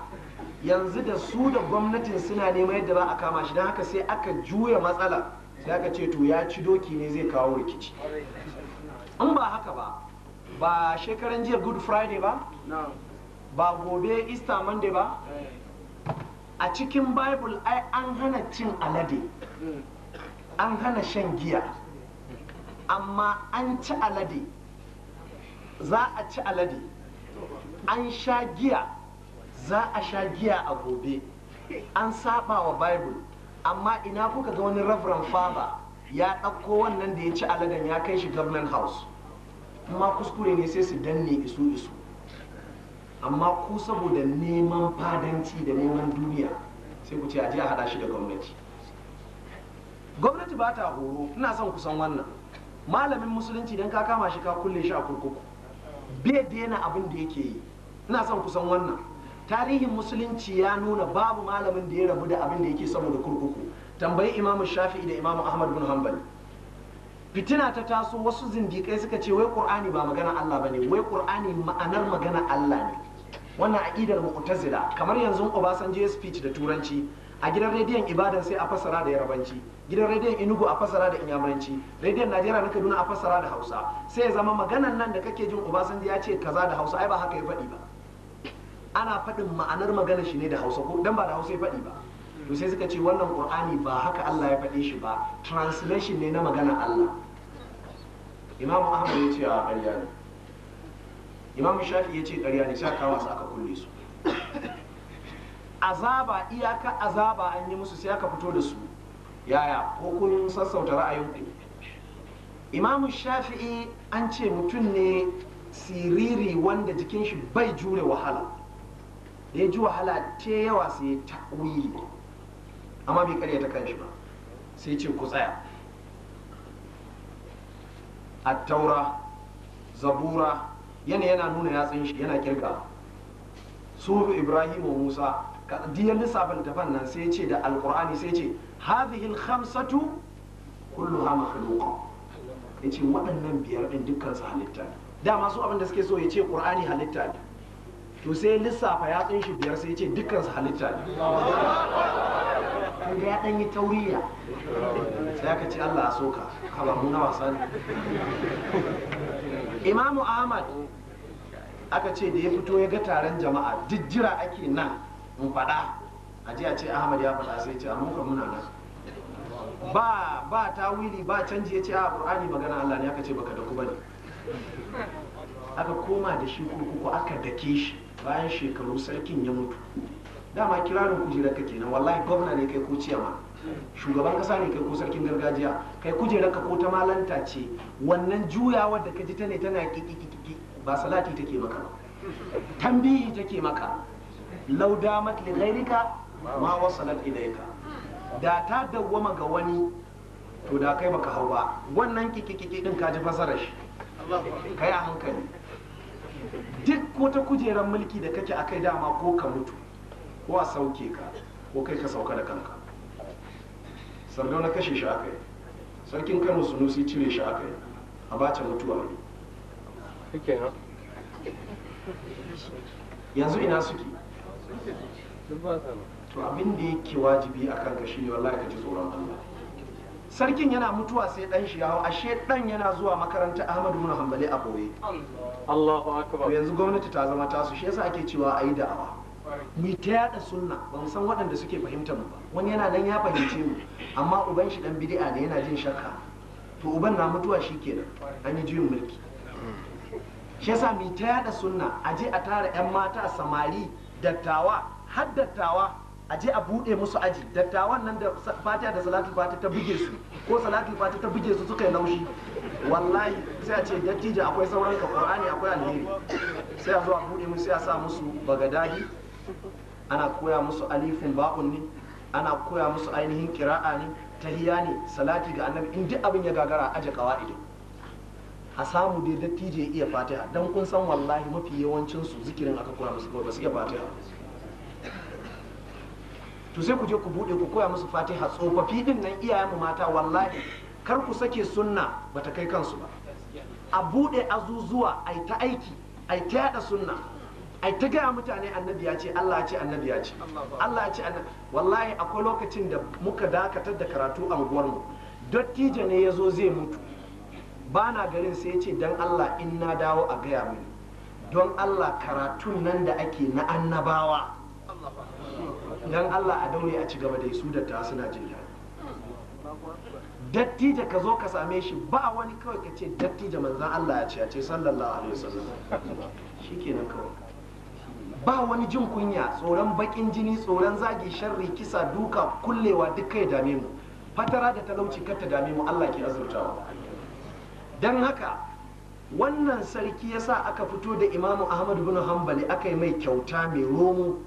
yanzu da su da gwamnatin suna neman yadda ba a kama shi don haka sai aka juya matsalar sai aka ce to ya ci doki ne zai kawo rikici in ba haka ba ba shekaran jiya good friday ba ba gobe easter monday ba a cikin bible ai an hana cin alade an hana shan giya amma an ci alade za a ci alade an sha giya za a sha giya a gobe an saba wa bible amma ina kuka ga wani reverend faba ya ɗauko wannan da ya ci aladen ya kai shi government house amma kuskure ne sai su danne isu isu amma ku saboda neman fadanci da neman duniya sai ku ce a je a haɗa shi da gwamnati gwamnati ba ta horo ina son kusan wannan malamin musulunci dan ka kama shi ka kulle shi a kurkuku bai daina abin da yake yi ina son kusan wannan tarihin musulunci ya nuna babu malamin da ya rabu da abin da yake saboda kurkuku tambayi imamu shafi'i da imamu ahmad bin hanbal fitina ta taso wasu zindikai suka ce wai qur'ani ba magana Allah ba ne wai qur'ani ma'anar magana Allah ne wannan aqidar mu'tazila kamar yanzu Obasanjo ya speech da turanci a gidan rediyon Ibadan sai a fasara da Yarabanci gidan rediyon inugu a fasara da Inyamuranci rediyon Najeriya na Kaduna a fassara da Hausa sai ya zama maganan nan da kake jin Obasanjo ya ce kaza da Hausa ai ba haka ya faɗi ba ana faɗin ma'anar magana shi ne da hausa ko dan ba da hausa ya faɗi ba to sai suka ce wannan qur'ani ba haka Allah ya faɗe shi ba translation ne na magana Allah imam ahmad ya ce a ƙarya ne imam shafi ya ce ƙarya ne sai kawo su aka kulle su azaba iyaka azaba an yi musu sai aka fito da su yaya ko kun sassauta ra'ayin ku imam shafi'i an ce mutum ne siriri wanda jikin shi bai jure wahala da ya ji wahala ta yawa sai ya ta'wili amma bai karya ta kanshi ba sai ce ku tsaya attaura zabura yana yana nuna yatsun shi yana kirga su ibrahim musa diyar lissafin tafan nan sai ce da alkur'ani sai ce hamsatu, kullum hama kulluha Ya ce waɗannan biyar ɗin dukkan su halitta dama su abin da suke so ya ce ƙur'ani halitta ne to sai lissafa tsin shi biyar sai ya ce dukkan su halitta ne kun ya dan yi tauriya sai aka ce Allah ya soka haba mu na wasan Imam Imamu Ahmad aka ce da ya fito ya ga taron jama'a jijjira ake nan mu fada. a ji a ce Ahmad ya faɗa sai ce amma muna nan ba ba tawili ba canji ya ce a Qur'ani magana Allah ne aka ce baka da ku bane aka koma da shi kurkuku aka dake shi bayan shekaru sarkin ya mutu dama kirarin kujerar ka kenan wallahi gwamna ne kai ko ciyama shugaban kasa ne kai ko sarkin gargajiya kai kujerar ka ko ta malanta ce wannan juyawar da ka ji ta ne tana kikikiki ba salati take maka tambihi take maka lau damat li ghairika ma wasalat ilayka da ta dawwama ga wani to da kai baka hau ba wannan kikikiki din ka ji fasarar shi kai a hankali duk wata kujerar mulki da kake akai dama ko ka mutu ko a sauke ka ko kai ka sauka da kanka na kashe shi akai sarkin kano sunusi cire shi akai a bace mutuwa yanzu ina suke to abin da yake wajibi a kanka shine wallahi ka ji tsoron Allah sarkin yana mutuwa sai dan shi yawo ashe dan yana zuwa makaranta Ahmadu bin Hanbali a boye Allahu yanzu gwamnati ta zama tasu shi yasa ake cewa ayi da'awa mu ta yada sunna ba san waɗanda suke fahimta mu ba wani yana nan ya fahimce mu amma uban shi dan bid'a da yana jin shakka to uban na mutuwa shikenan an yi juyin mulki shi yasa mu ta yada sunna a je a tara yan mata samari dattawa har dattawa a je a bude musu aji dattawan nan da fatiha da salatul fatiha ta buge su ko salatul fatiha ta buge su suka yi laushi wallahi sai a ce dattijo akwai sauran ka qur'ani akwai alheri sai a zo a bude musu sai a sa musu bagadadi ana koya musu alifin ba'un ne ana koya musu ainihin qira'a ne tahiya ne salati ga annabi in duk abin ya gagara aje qawaidi a samu dai dattijo ya iya fatiha dan kun san wallahi mafi yawancin su zikirin aka koya musu ba su iya fatiha to sai ku je ku bude ku koya musu fatiha tsofaffi din nan mu mata wallahi kar ku sake sunna ba ta kai kansu ba a bude azuzuwa ai ta aiki ai ta yada sunna ai ta gaya mutane annabi ya ce Allah ya ce annabi ya ce Allah ya ce wallahi akwai lokacin da muka dakatar da karatu a mu dattijo ne ya zo zai mutu ba na garin sai ya ce don Allah in na dawo a gaya mini don Allah karatun nan da ake na annabawa dan Allah a daure a ci gaba da su ta suna jin daɗi dattija ka zo ka same shi ba wani kawai ka ce dattija manzan Allah ya ce a ce sallallahu alaihi wasallam shikenan kawai ba wani jin kunya tsoron bakin jini tsoron zagi sharri kisa duka kullewa duk kai dame mu fatara da talauci kar ta dame mu Allah ke azurtawa dan haka wannan sarki yasa aka fito da Imamu Ahmad bin Hanbali aka yi mai kyauta mai romo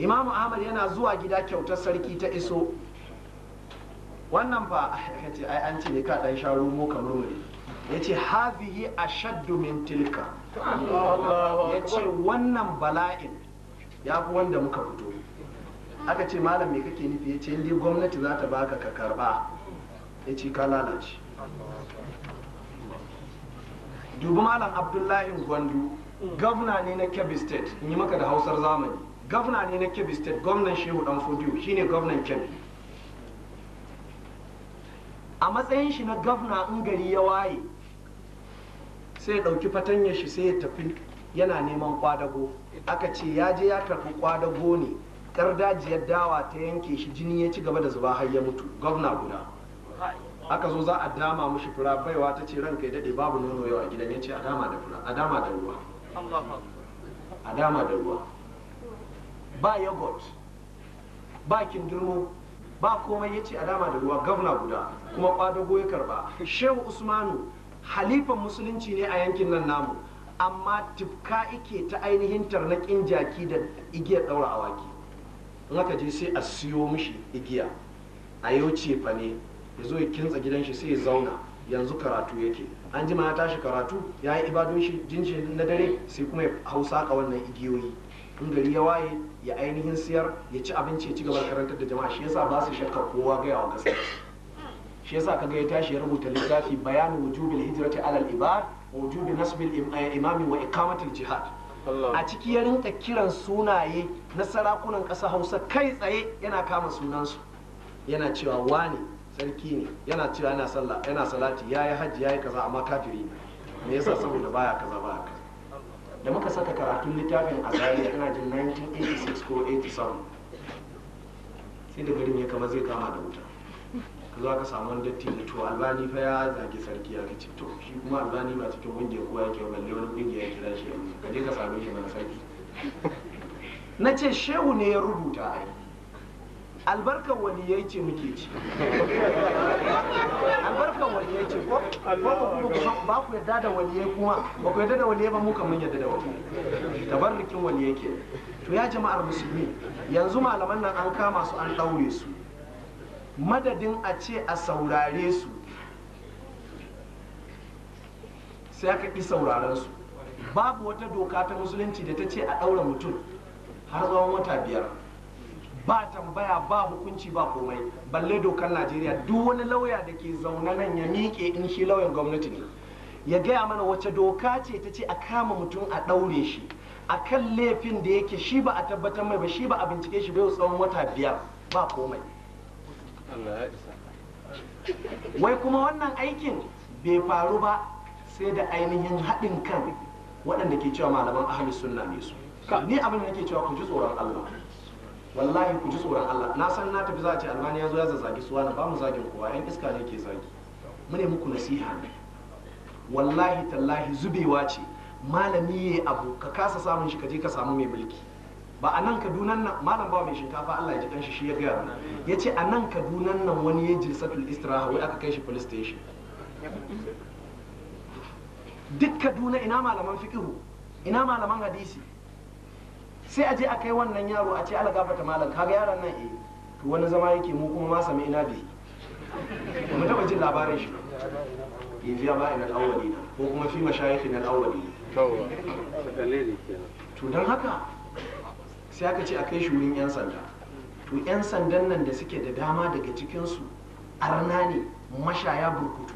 imamu ahmad yana zuwa gida kyautar sarki ta iso wannan ba a ce ai an ce ne ka dan sharu mu ka murmure ya ce hazihi ashaddu min tilka ya ce wannan bala'in ya fi wanda muka fito aka ce malam me kake nufi ya ce indai gwamnati za ta baka ka karba ya ce ka lalace dubu malam abdullahi gwandu gwamna ne na kebbi state in yi maka da hausar zamani gavna ne na kebbi state gwamnan shehu dan fodiyo shine gwamnan kebbi a matsayin shi na gwamna in gari ya waye sai ya ɗauki fatanyar shi sai ya tafi yana neman kwadago aka ce ya je ya karɓi kwadago ne dajiyar dawa ta yanke shi jini ya ci gaba da zuba har ya mutu gwamna guda aka zo za a dama mushi fura baiwa ta ce ranka ya daɗe babu nono yau a gidan ya ce a a dama da ruwa ba yogurt ba kindirmo ba komai ya ce a dama da ruwa gavna guda kuma kwadago ya karba shehu usmanu halifan musulunci ne a yankin nan namu amma tifka ike ta ainihin tarnaƙin jaki da igiyar ɗaura awaki in aka je sai a siyo mishi igiya a yau cefa ne ya zo ya kintsa gidan shi sai ya zauna yanzu karatu yake an ya tashi karatu ya yi ibadun shi jinshi na dare sai kuma ya hausa ka wannan igiyoyi in gari ya waye ya ainihin siyar ya ci abinci ya ci gaba karantar da jama'a shi yasa ba su shakkar kowa gaya wa gaske shi yasa kaga ya tashi ya rubuta littafi bayanu wujubil hijrati alal ibad wa nasbil eh, imami wa ikamatul jihad a ciki ya rinka kiran sunaye na sarakunan ƙasa hausa kai tsaye yana kama sunansu yana cewa wane sarki ne yana cewa yana sallah yana salati yayi hajji yayi kaza amma kafiri me yasa saboda baya kaza baya kaza da muka saka karatun littafin a zariya ana jin 1986 ko 87 sai da garin ya kama zai kama da wuta ka zo aka samu wani datti albani fa ya zage sarki ya ce shi kuma albani ba cikin kungiyar kowa yake balle wani kungiya ya kira shi ka je ka same shi mana sarki na ce shehu ne ya rubuta ai albarkan wani ya ce muke ci albarkan wani ya ce ko ba ku yadda da wani ya kuma ba ku yadda da wani ya ba mu mun yadda da wani tabarrikin wani yake to ya jama'ar musulmi yanzu malaman nan an kama su an ɗaure su madadin a ce a saurare su sai aka ƙi sauraren su babu wata doka ta musulunci da ta ce a ɗaure mutum har tsawon wata biyar ba tambaya ba hukunci ba komai balle dokar najeriya duk wani lauya da ke zaune nan ya miƙe in shi lauyan gwamnati ne ya gaya mana wace doka ce ta ce a kama mutum a ɗaure shi a kan laifin da yake shi ba a tabbatar mai ba shi ba a bincike shi bai tsawon wata biyar ba komai wai kuma wannan aikin bai faru ba sai da ainihin haɗin kan waɗanda ke cewa malaman ahalus sunna ne su ni abin da nake cewa ku ji tsoron Allah wallahi ku ji tsoron Allah na san na tafi za a ce albani ya zo ya zazzagi suwa na ba mu zagin kowa yan iska ne ke zagi mu ne muku nasiha ne wallahi tallahi zubewa ce malami ya abu ka kasa samun shi ka je ka samu mai mulki ba a nan kadunan nan malam ba mai shinkafa Allah ya ji kanshi shi ya gaya ya ce a nan kadunan nan wani ya jilsatul istiraha wai aka kai shi police station duk kaduna ina malaman fiqihu ina malaman hadisi sai a je a kai wannan yaro a ce ala ta malam kaga yaron nan eh to wani zama yake mu kuma ma sami ina bi mu taba jin labarin shi in fiya ba ina alawali ko kuma fi mashayikh ina al'awwali to don haka sai aka ce a kai shi wurin yan sanda to yan sandan nan da suke da dama daga cikinsu arna ne mashaya burkutu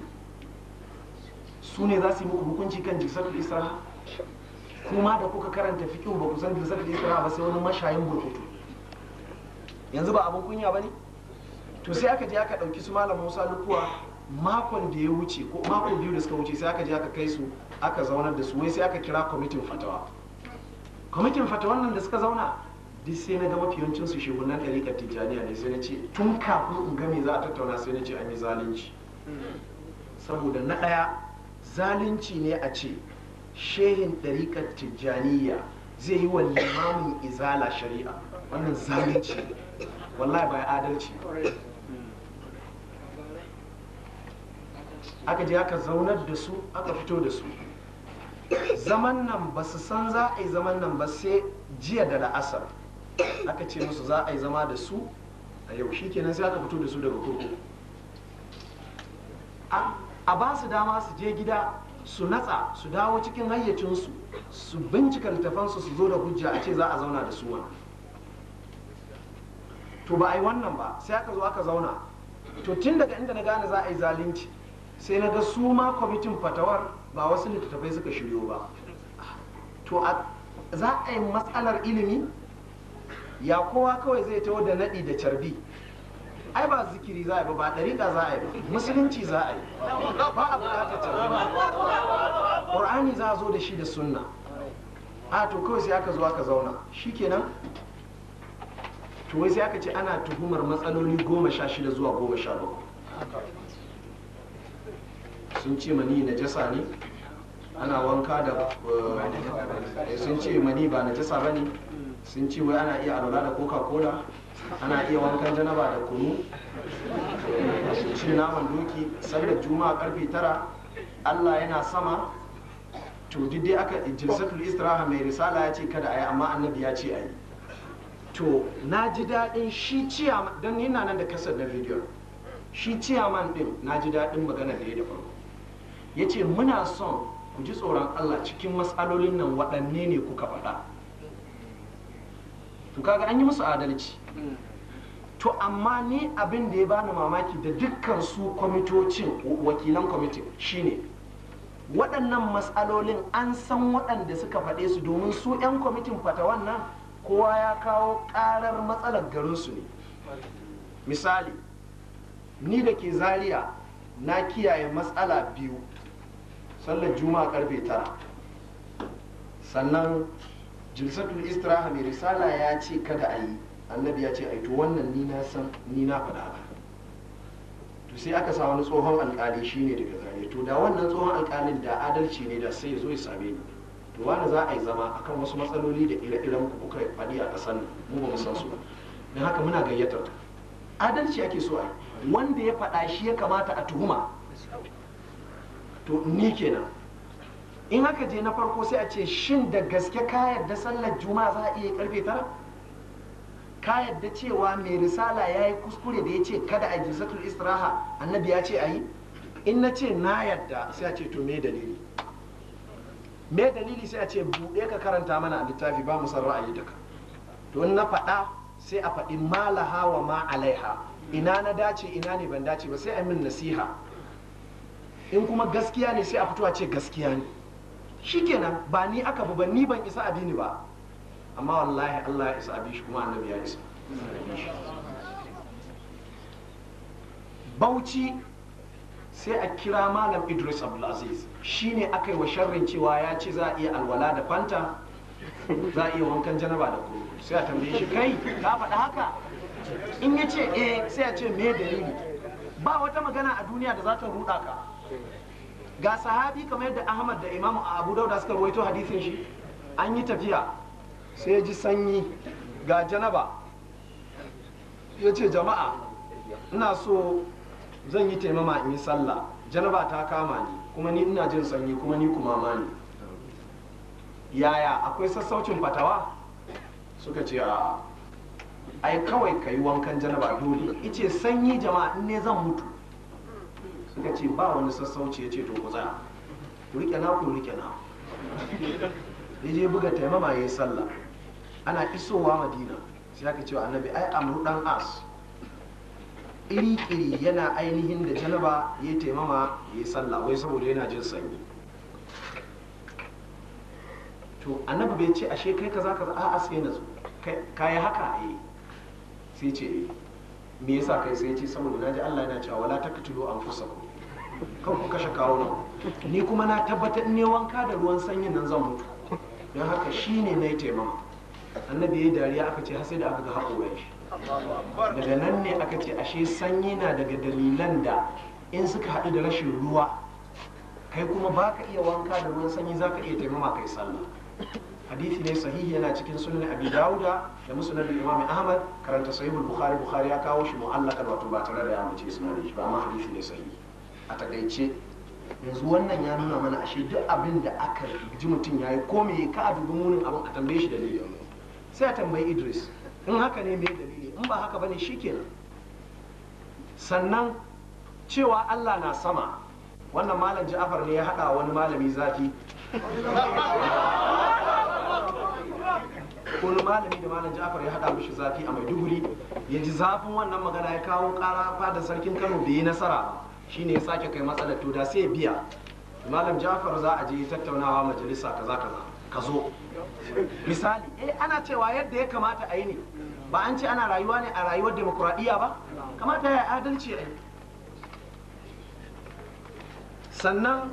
su ne za su yi muku hukunci kan da isra kuma da kuka karanta fiƙi ba ku san dilsal da kira ba sai wani mashayin burkutu yanzu ba abin kunya ba ne? to sai aka je aka ɗauki su malam Musa Lukuwa makon da ya wuce ko mako biyu da suka wuce sai aka je aka kai su aka zaunar da su wai sai aka kira kwamitin fatawa kwamitin fatawan nan da suka zauna duk sai na ga mafi yawancin su shugunan ɗariƙar tijjaniya ne sai na ce tun kafin in ga me za a tattauna sai na ce an yi zalunci saboda na ɗaya zalunci ne a ce shehin ɗariƙar tijjaniya zai yi wa limamin izala shari'a wannan zalunci wallahi bai adalci aka je aka zaunar da su aka fito da su zaman nan ba su san za a yi zaman nan ba sai jiya da la'asar aka ce musu za a yi zama da su a yau shi kenan sai aka fito da su daga kurkuku a ba su dama su je gida su natsa su dawo cikin hayyacinsu su bincika littafansu su zo da hujja a ce za a zauna da su wani to ba a yi wannan ba sai aka zo aka zauna to tun daga inda na gane za a yi zalunci sai na ga su ma kwamitin fatawar ba wasu littattafai suka shiryo ba to za a yi matsalar ilimi ya kowa kawai zai taho da naɗi da carbi ai ba zikiri za a yi ba ɗariƙa za a yi musulunci za a yi ba a bukatar ta ƙur'ani za a zo da shi da sunna a to kawai sai aka zo aka zauna shi nan to wai sai aka ce ana tuhumar matsaloli goma sha shida zuwa goma sha bakwai sun ce mani na jasa ne ana wanka da eh, sun ce mani ba na jasa ba ne sun ce wai ana iya alwala da coca-cola ana iya wankan janaba da kunu cin naman doki sallar juma'a karfe tara allah yana sama to duk aka jilsatul istiraha mai risala ya ce kada a yi amma annabi ya ce a yi to na ji daɗin shi ciya don yana nan da kasar na bidiyon shi ciyaman ɗin na ji daɗin magana da ya da farko ya ce muna son ku ji tsoron allah cikin matsalolin nan waɗanne ne kuka faɗa to kaga an yi musu adalci to amma ni abin da ya bani mamaki da dukkan su kwamitocin wakilan kwamiti shine waɗannan matsalolin an san waɗanda suka faɗe su domin su 'yan kwamitin fata wannan kowa ya kawo ƙarar matsalar garinsu ne misali ni da ke zaria na kiyaye matsala biyu sallar juma'a karfe tara sannan jilsatul istiraha mai risala ya ce kada a yi annabi ya ce aito to wannan ni na san ni na faɗa ba to sai aka sa wani tsohon alƙali ne daga zane to da wannan tsohon alƙalin da adalci ne da sai ya zo ya same ni to wani za a yi zama akan wasu matsaloli da ire-iren ku kuka faɗi a ƙasar mu ba mu san su don haka muna gayyatar adalci ake so a wanda ya faɗa shi ya kamata a tuhuma to ni kenan in aka je na farko sai a ce shin da gaske ka yadda sallar juma'a za a iya karfe tara ka yadda cewa mai risala ya yi kuskure da ya ce kada a jilsatul istiraha annabi ya ce a yi in na ce na yadda sai a ce to me dalili me dalili sai a ce buɗe ka karanta mana a littafi ba mu san ra'ayi daga to na faɗa sai a faɗi malaha wa ma alaiha ina na dace ina ne ban dace ba sai a min nasiha in kuma gaskiya ne sai a fito a ce gaskiya ne shikenan ba ni aka ba ni ban isa abi ni ba amma wallahi Allah ya isa abi shi kuma annabi ya isa bauchi sai a kira malam idris abdulaziz shi ne aka yi wa sharrin cewa ya ce za iya alwala da fanta za a iya wankan janaba da kuro sai a tambaye shi kai ka faɗa haka in ya ce eh sai a ce me dalili ba wata magana a duniya da za ta ruɗa ka ga sahabi kamar yadda ahmad da imamu a abu dauda suka ruwaito hadisin shi an yi tafiya sai ji sanyi ga janaba ya ce jama'a ina so zan yi taimama in yi sallah janaba ta kama ni kuma ni ina jin sanyi kuma ni kuma ma ne yaya akwai sassaucin fatawa suka ce a ai kawai ka yi wankan janaba dole ice sanyi jama'a in ne zan mutu suka ce ba wani sassauci ya ce to ku tsaya ku rike na ku rike na ya je buga taimama ya yi sallah ana isowa madina sai aka cewa annabi ai amru dan as iri iri yana ainihin da janaba ya taimama ya yi sallah wai saboda yana jin sanyi to annabi bai ce ashe kai ka ka kaza a'a sai na zo yi haka eh sai ce eh. me yasa kai sai ce saboda ji Allah yana cewa wala fusa ku kawai ku kashe kawo ni kuma na tabbatar ne wanka da ruwan sanyin nan zan mutu don haka shi ne na yi taimama annabi ya yi dariya aka ce har da aka ga haƙoran shi daga nan ne aka ce ashe sanyi na daga dalilan da in suka haɗu da rashin ruwa kai kuma ba ka iya wanka da ruwan sanyi za ka iya taimama kai sallah hadisi ne sahihi yana cikin sunan abi dauda da musnad imam ahmad karanta sahihul bukhari bukhari ya kawo shi mu'allakan wato ba tare da ya mace isnadin shi ba amma hadisi ne sahihi a takaice yanzu wannan ya nuna mana ashe duk abin da aka ji mutum ya yi komai, me ka a dubi munin abin a tambaye shi dalili sai a tambayi idris in haka ne mai dalili in ba haka bane kenan sannan cewa allah na sama wannan malam ja'afar ne ya haɗa wani malami zafi wani malami da malam ja'afar ya haɗa mishi zafi a maiduguri ya ji zafin wannan magana ya kawo ƙara fada sarkin kano bai yi nasara ba shine ya sake kai matsalar to da sai biya malam jafar za a je tattaunawa majalisa kaza kaza ka zo misali eh ana cewa yadda ya kamata a yi ne ba an ce ana rayuwa ne a rayuwar demokuraɗiyya ba kamata ya adalci a sannan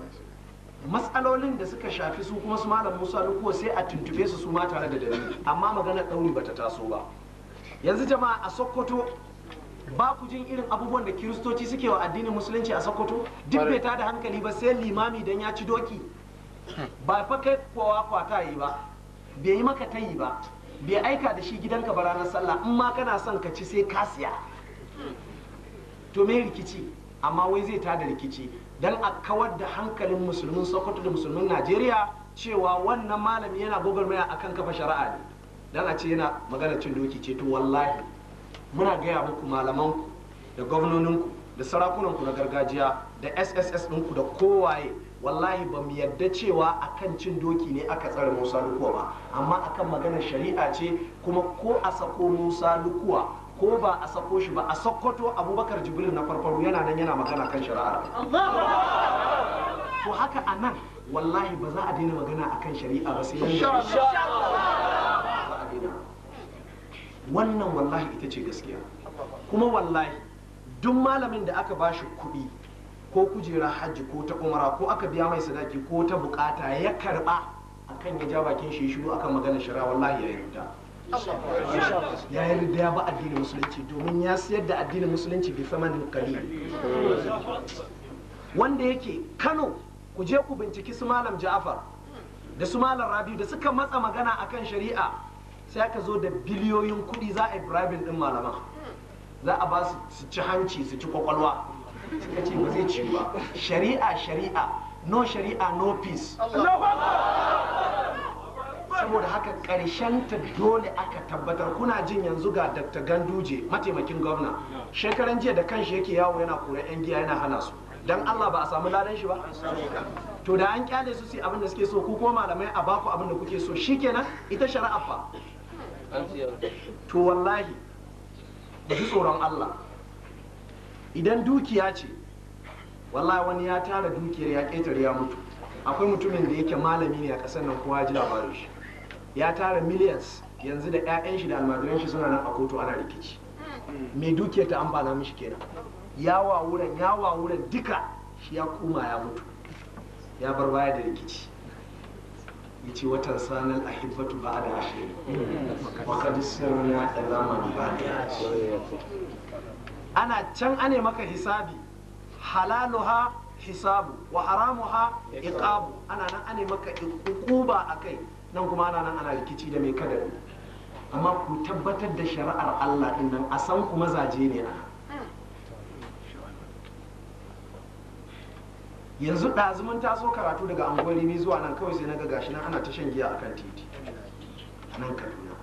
matsalolin da suka shafi su kuma su malam musa lukuwa sai a tuntube su su ma tare da dalili amma maganar ɗauri bata taso ba yanzu jama'a a sokoto ba ku jin irin abubuwan da kiristoci suke wa addinin musulunci a sokoto duk bai da hankali ba sai limami dan ya ci doki ba fa kai kowa kwata yi ba bai yi maka tayi ba bai aika da shi gidanka ba ranar sallah in ma kana son ka ci sai ka siya to me rikici amma wai zai tada rikici dan a kawar da hankalin musulmin sokoto da musulmin najeriya cewa wannan malami yana a akan kafa shari'a ne dan a ce yana maganar cin doki ce to wallahi muna gaya muku malamanku da gwamnoninku da sarakunanku na gargajiya da sss ɗinku da kowaye wallahi ba mu yarda cewa akan cin doki ne aka tsare musa lukuwa ba amma akan magana shari'a ce kuma ko a sako musa lukuwa ko ba a sako shi ba a sakkwato abubakar jibril na farfaru yana nan yana magana kan shari'a to haka a nan wallahi ba za a daina magana akan shari'a ba sai wannan wallahi ita ce gaskiya kuma wallahi duk malamin da aka bashi kuɗi ko kujera hajji ko ta umara ko aka biya mai sadaki ko ta bukata ya karba akan ya ja bakin shi shiru akan magana shari'a wallahi ya yarda ya yarda ya ba addinin musulunci domin ya siyar da addinin musulunci bi samanin kali wanda yake Kano ku je ku binciki su malam Ja'far da su malam rabi da suka matsa magana akan shari'a sai aka zo da biliyoyin kuɗi za a yi bribing ɗin malaman za a ba su ci hanci su ci kwakwalwa ka ce ba zai ci ba shari'a shari'a no shari'a no peace saboda haka ta dole aka tabbatar kuna jin yanzu ga dr ganduje mataimakin gwamna shekaran jiya da kanshi yake yawo yana kura 'yan giya yana hana su dan Allah ba a samu ladan shi ba to da an kyale su sai abin da suke so ku ko malamai a baku abin da kuke so shi shikenan ita shari'a fa to wallahi su tsoron Allah idan dukiya ce wallahi wani ya tara dukiyar ya ƙetare ya mutu akwai mutumin da yake malami ne a ƙasar nan kowa ji labarin shi ya tara millions yanzu da 'ya'yan shi da almajiran shi suna nan a kotu ana rikici mai dukiyar ta amfana mishi kenan ya wawuran ya wawuran duka shi ya koma ya mutu ya bar baya da rikici yace watan sanar ahibbatu ba da ashe. wa kad zamani ana can ane maka hisabi halaluha hisabu wa ha iqabu ana nan ane maka hukuba kai, nan kuma ana nan ana rikici da mai kada amma ku tabbatar da shari'ar Allah din nan a san ku mazaje ne a yanzu ɗazu mun taso karatu daga ne zuwa nan kawai sai na ga gashi nan ana ta shan giya kan titi a nan kaduna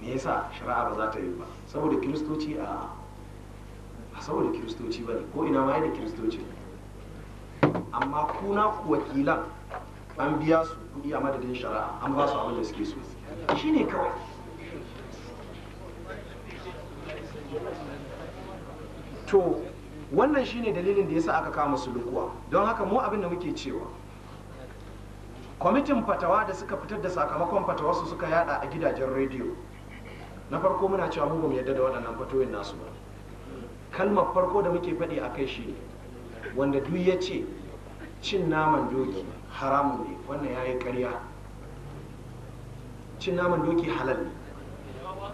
me yasa shari'a ba za ta yi ba saboda kiristoci a ba saboda kiristoci ba ne ko ina ma da kiristoci amma kuna ku wakilan an biya su kuɗi a madadin shari'a an ba su abin da suke so ne kawai to wannan shine dalilin da ya sa aka kama su lukuwa don haka mu abin da muke cewa kwamitin fatawa da suka fitar da sakamakon su suka yada a gidajen rediyo na farko muna cewa mu bamu yadda da waɗannan fatoyin nasu ba kalmar farko da muke faɗi a kai shi wanda duk ya ce cin naman doki haramun ne wannan ya yi ƙarya cin naman doki halal ne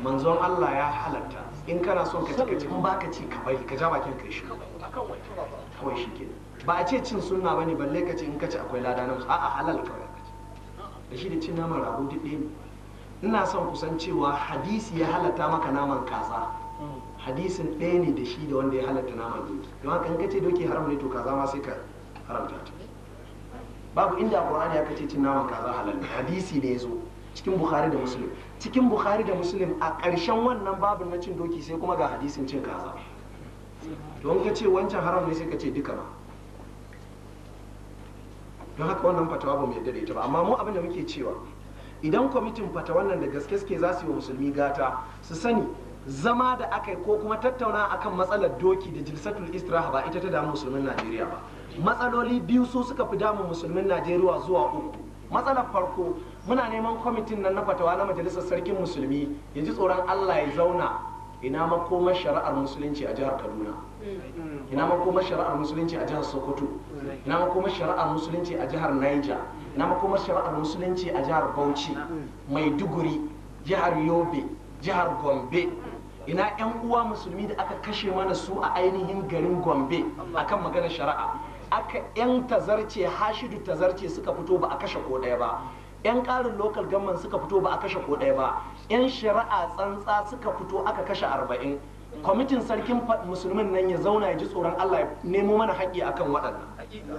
manzon allah ya halatta in kana son ka cika ka in ba ka ci ka bari ka ja bakin ka shi kawai shi ke ba a ce cin sunna bane balle ka ce in ka ci akwai lada na musu a'a halal kawai ka ci da shi da cin naman rago duk ɗaya ne ina son kusan cewa hadisi ya halatta maka naman kaza hadisin ɗaya ne da shi da wanda ya halatta naman doki don haka in ka ce doki haram ne to kaza ma sai ka haramta ta babu inda qur'ani ya kace cin naman kaza halal ne hadisi ne ya zo cikin bukhari da muslim cikin bukhari da muslim a ƙarshen wannan babu na cin doki sai kuma ga hadisin cin kaza to ka ce wancan haram ne sai ka ce duka ma don haka wannan fatawa ba mu yadda da ita ba amma mu abin da muke cewa idan kwamitin fata wannan da gaske suke za su yi wa musulmi gata su sani zama da aka yi ko kuma tattauna akan matsalar doki da jilsatul istiraha ba ita ta damu musulmin najeriya ba matsaloli biyu su suka fi damun musulmin najeriya zuwa uku matsalar farko muna neman kwamitin nan na fatawa na majalisar sarkin musulmi ya ji tsoron allah ya zauna ina makoma shari'ar musulunci a jihar kaduna ina makoma shari'ar musulunci a jihar sokoto ina makoma shari'ar musulunci a jihar niger ina makoma shari'ar musulunci a jihar bauchi maiduguri jihar yobe jihar gombe ina yan uwa musulmi da aka kashe mana su a ainihin garin gombe akan maganar shari'a aka yan tazarce hashidu tazarce suka fito ba a kashe ko ɗaya ba yan ƙarin local government suka fito ba a kashe ko ɗaya ba yan shari'a tsantsa suka fito aka kashe arba'in kwamitin sarkin musulmin nan ya zauna ya ji tsoron allah ya nemo mana haƙƙi akan waɗannan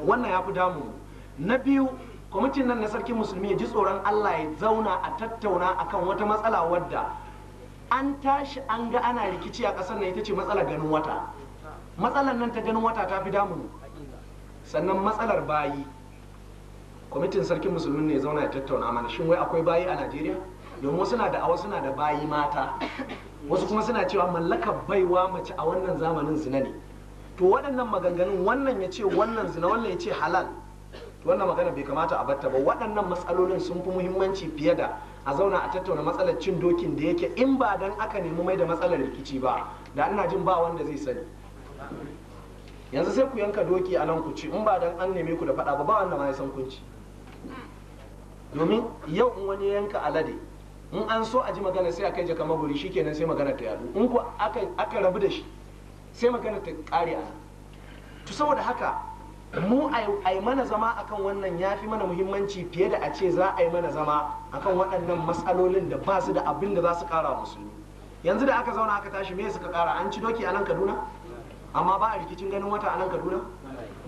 wannan ya fi damu na biyu kwamitin nan na sarkin musulmi ya ji tsoron allah ya zauna a tattauna akan wata matsala wadda an tashi an ga ana rikici a ƙasar nan ita ce matsalar ganin wata matsalar nan ta ganin wata ta fi damu sannan matsalar bayi kwamitin sarkin Musulmi ne zauna ya tattauna mana shin wai akwai bayi a najeriya domin suna da awa suna da bayi mata wasu kuma suna cewa mallakar baiwa mace a wannan zamanin zina ne to waɗannan maganganun wannan ya ce wannan zina wannan ya ce halal to wannan magana bai kamata a batta ba waɗannan matsalolin sun fi muhimmanci fiye da a zauna a tattauna matsalar cin dokin da yake in ba dan aka nemi mai da matsalar rikici ba da ina jin ba wanda zai sani yanzu sai ku yanka doki a nan ku ce in ba dan an neme ku da faɗa ba ba wanda ma ya san kun ci domin yau in wani yanka alade in an so a ji magana sai aka yi jaka shi kenan sai magana ta yadu in ko aka rabu da shi sai magana ta kare a to saboda haka mu a yi mana zama akan wannan ya fi mana muhimmanci fiye da a ce za a yi mana zama akan waɗannan matsalolin da ba su da abin da za su kara musulmi yanzu da aka zauna aka tashi me ka kara an ci doki a nan kaduna amma ba a rikicin ganin wata a nan kaduna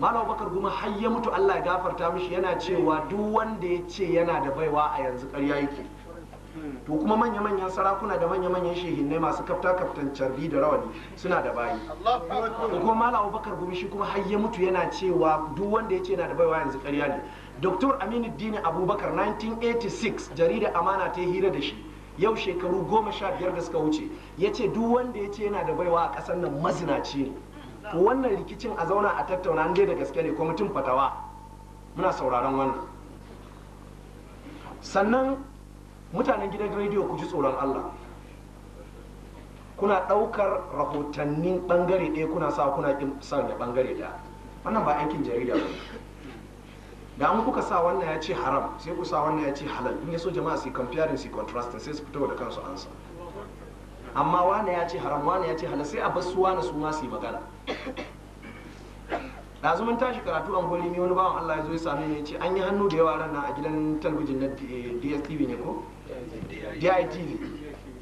malam bakar kuma har ya mutu Allah ya gafarta mishi yana cewa duk wanda ya ce yana da baiwa a yanzu ƙarya yake to kuma manya-manyan sarakuna da manya-manyan shehinai masu kafta kaftan carbi da rawani suna da bayi kuma malam bakar kuma shi kuma har ya mutu yana cewa duk wanda ya ce yana da baiwa yanzu ƙarya ne dr aminuddin abubakar 1986 jarida amana ta hira da shi yau shekaru goma sha biyar da suka wuce ya ce duk wanda ya ce yana da baiwa a ƙasar nan mazinaci ne wannan rikicin a zauna a tattauna an dai da gaske ne kwamitin fatawa muna sauraron wannan sannan mutanen gidan rediyo ku ji tsoron allah kuna ɗaukar rahotannin ɓangare ɗaya kuna sa kuna ƙin sa da ɓangare ɗaya wannan ba aikin jarida ba da an kuka sa wannan ya ce haram sai ku sa wannan ya ce halal in ya so jama'a su comparing su contrasting sai su fito da kansu ansa amma wane ya ce haram wane ya ce halal sai a bar su wane su ma su yi magana ɗazu tashi karatu an gwani wani bawan Allah ya zo ya same ni ya ce an yi hannu da yawa ran a gidan talabijin na eh, DSTV ne ko? DITV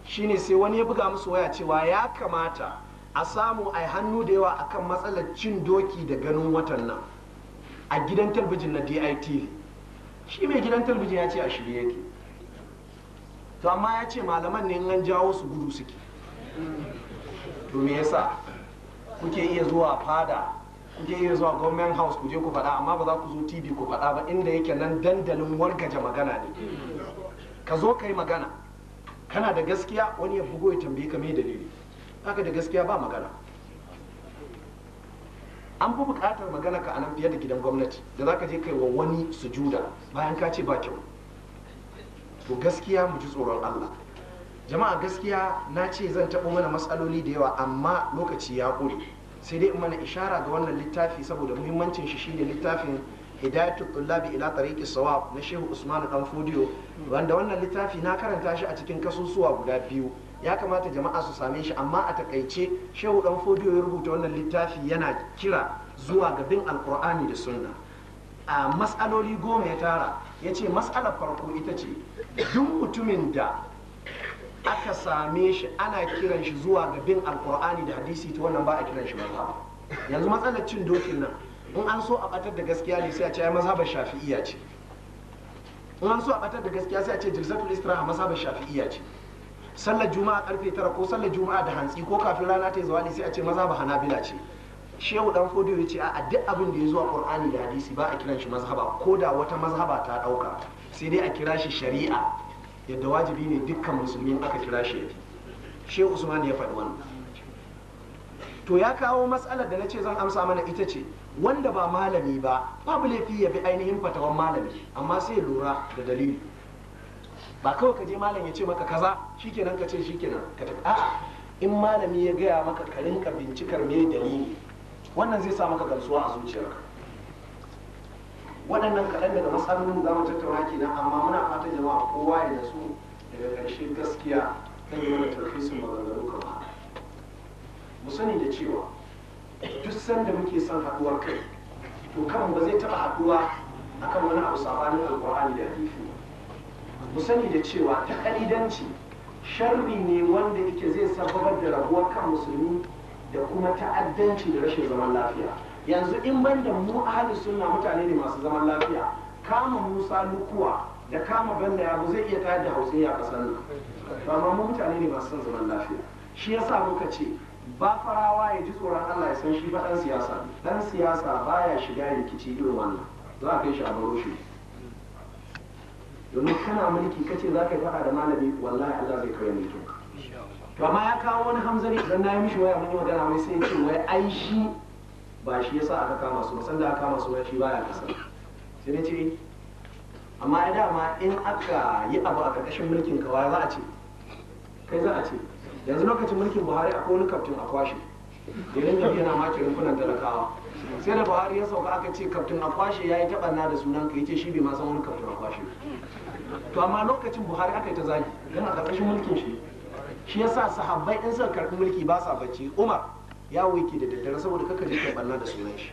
shine sai wani ya buga musu waya cewa ya kamata a samu a hannu da yawa akan matsalar cin doki da ganin watan nan a gidan talabijin na DITV shi mai gidan talabijin ya ce a shirye yake to amma ya ce malaman ne in an jawo su gudu suke to me yasa kuke iya zuwa fada kuke iya zuwa government house ku je ku faɗa amma ba za ku zo tv ku faɗa ba inda yake nan dandalin wargaje magana ne ka zo ka yi magana kana da gaskiya wani ya bugo ya tambaye ka mai dalili haka da gaskiya ba magana an fi bukatar magana ka anan fiye da gidan gwamnati da za ka je kai wa wani sujuda bayan ka ce ba kyau to gaskiya mu ji tsoron Allah jama'a gaskiya na ce zan taɓo mana matsaloli da yawa amma lokaci ya ƙure sai dai mana ishara ga wannan littafi saboda muhimmancin shi shine littafin hidayatu tullabi ila tariqi sawab na shehu usman dan fodiyo wanda wannan littafi na karanta shi a cikin kasusuwa guda biyu ya kamata jama'a su same shi amma a takaice shehu dan fodiyo ya rubuta wannan littafi yana kira zuwa ga bin alqur'ani da sunna a matsaloli goma ya tara ya ce matsalar farko ita ce duk mutumin da aka same shi ana kiran shi zuwa ga bin alkur'ani da hadisi to wannan ba a kiran shi ba yanzu matsalar cin dokin nan in an so a batar da gaskiya ne sai a ce ai mazhabar shafi'iyya ce in an so a batar da gaskiya sai a ce jilsatul istiraha mazhabar shafi'iyya ce sallar juma'a karfe tara ko sallar juma'a da hantsi ko kafin rana ta yi ne sai a ce mazhabar hanabila ce shehu dan fodiyo ya ce a duk abin da ya zuwa qur'ani da hadisi ba a kiran shi mazhaba ko da wata mazhaba ta dauka sai dai a kira shi shari'a yadda wajibi ne dukkan musulmi aka kira shi yafi shi usman ya faɗi wannan to ya kawo matsalar da na ce zan amsa mana ita ce wanda ba malami ba babu laifi ya bi ainihin fatawan malami amma sai ya lura da dalili ba kawai ka je malam ya ce maka kaza shikenan ka ce shikenan ka tafi a'a in malami ya gaya maka ka rinka bincikar me dalili wannan zai sa maka gamsuwa a zuciyarka waɗannan kaɗan daga matsalolin za mu tattauna kenan amma muna fatan jama'a kowa ya su daga ƙarshe gaskiya ta yi mana tarfisin maganganu kama mu sani da cewa duk sanda muke son haɗuwar kai to kan ba zai taɓa haɗuwa akan wani abu sabanin alƙur'ani da hadisi mu sani da cewa ta ƙalidanci sharri ne wanda yake zai sababar da rabuwar kan musulmi da kuma ta'addanci da rashin zaman lafiya yanzu in ban da mu ahli sunna mutane ne masu zaman lafiya kama musa lukuwa da kama ya yabo zai iya tayar da Hausaya ya kasar nan amma mu mutane ne masu son zaman lafiya shi yasa muka ce ba farawa ya ji tsoron Allah ya san shi ba dan siyasa dan siyasa baya shiga rikici irin wannan za a kai shi a baro shi domin kana mulki ka ce za ka yi faɗa da malami wallahi Allah zai kawai mulkin to amma ya kawo wani hamzari idan na yi mishi waya mun yi magana mai sai ya ce wai ai shi ba shi yasa aka kama su ba sanda aka kama su shi baya kasa sai na ce amma ya dama in aka yi abu a ƙarƙashin mulkin kawai za a ce kai za a ce yanzu lokacin mulkin buhari akwai wani kaftin a kwashe da yana maki rumfunan talakawa sai da buhari ya sauka aka ce kaftin a kwashe ya yi taɓanna da sunan ka yace shi bai ma san wani kaftin a kwashe to amma lokacin buhari aka yi ta zagi yana ƙarƙashin mulkin shi shi yasa sahabbai in suka karɓi mulki ba sa bacci umar yawo yake da daddare saboda kaka je kai balla da sunan shi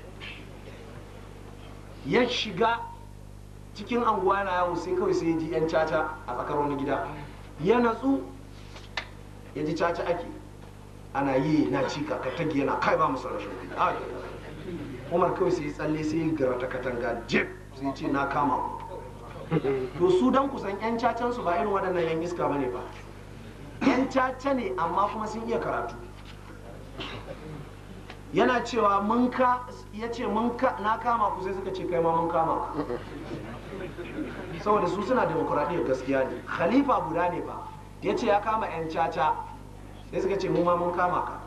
ya shiga cikin anguwa na yawo sai kawai sai ji yan caca a tsakar wani gida ya natsu ya ji caca ake ana yi na cika ka tagi yana kai ba musu rashin kuɗi umar kawai sai tsalle sai yi gara ta katanga jeb sai ce na kama ku to su dan kusan yan cacansu ba irin waɗannan yan iska ne ba yan caca ne amma kuma sun iya karatu yana cewa mun ka ya ce mun ka na kama ku sai suka ce kai ma mun kama ku saboda su suna demokuraɗiyyar gaskiya ne khalifa guda ne ba ya ce ya kama 'yan caca sai suka ce mu ma mun kama ka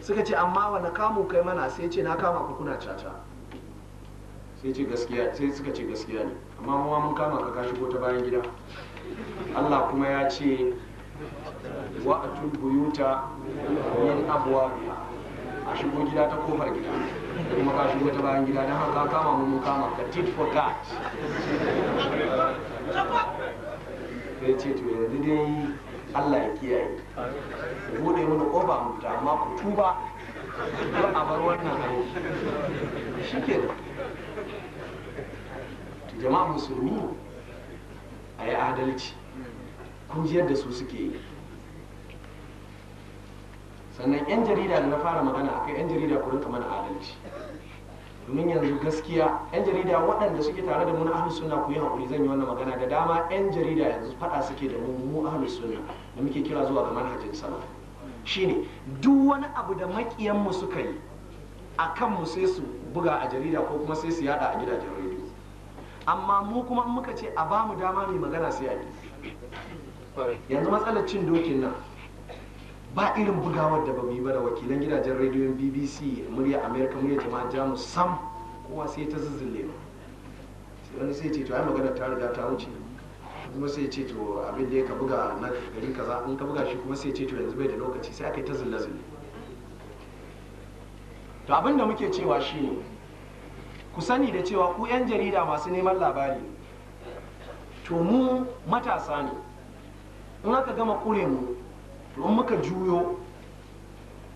suka ce amma wani kamu kai mana sai ce na kama ku kuna caca sai ce gaskiya sai suka ce gaskiya ne amma mu ma mun kama ka ka shigo ta bayan gida Allah kuma ya ce wa'atul buyuta min abwabiha a shigo gida ta kofar gida kuma ka shigo ta bayan gida don haka kama mu kama ka tit for tat sai ce to yanzu dai Allah ya kiyaye ku bude mana kofa mu fita amma ku tuba don a bar wannan abu shi ke jama'a musulmi a yi adalci kun ji yadda su suke yi sannan yan jarida da na fara magana a kai yan jarida ku rinka mana adalci domin yanzu gaskiya yan jarida waɗanda suke tare da mu na ahlus sunna ku yi hakuri zan yi wannan magana da dama yan jarida yanzu faɗa suke da mu mu ahlus sunna da muke kira zuwa ga manhajin salaf shine duk wani abu da makiyan mu suka yi a kan mu sai su buga a jarida ko kuma sai su yada a gidajen rediyo amma mu kuma muka ce a bamu dama mai magana sai a yi yanzu matsalar cin dokin nan ba irin bugawar da ba mu yi ba da wakilan gidajen rediyon bbc murya amerika murya jama'a jamus sam kowa sai ta zuzzule mu sai wani sai ce to ai magana ta riga ta wuce kuma sai ce to abin da ka buga na gari kaza in ka buga shi kuma sai ce to yanzu bai da lokaci sai aka yi ta zulle zulle to abin da muke cewa shi ne, ku sani da cewa ku 'yan jarida masu neman labari to mu matasa ne in aka gama kure mu to in muka juyo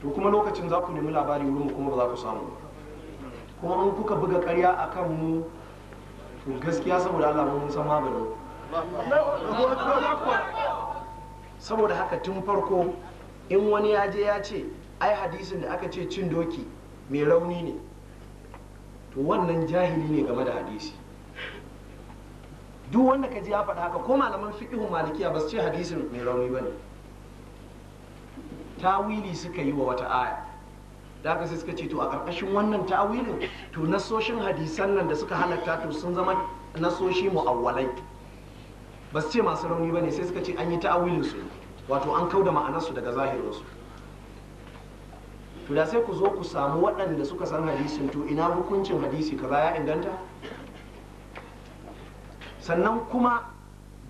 to kuma lokacin za ku nemi labari wurin kuma ba za ku samu kuma in kuka buga karya a kan mu to gaskiya saboda Allah mun san maganin saboda haka tun farko in wani ya je ya ce ai hadisin da aka ce cin doki mai rauni ne to wannan jahili ne game da hadisi duk wanda ka ji ya faɗa haka ko malaman fiqhu malikiya ba su ce hadisin mai rauni ba ne tawili suka yi wa wata aya da aka sai suka ce to a ƙarƙashin wannan tawilin to nasoshin hadisan nan da suka halatta to sun zama nasoshi mu'awwalai ba su ce masu rauni ba ne sai suka ce an yi ta'awilin su wato an kauda ma'anarsu daga su to da sai ku zo ku samu waɗanda suka san hadisin to ina hukuncin hadisi kaza ya inganta sannan kuma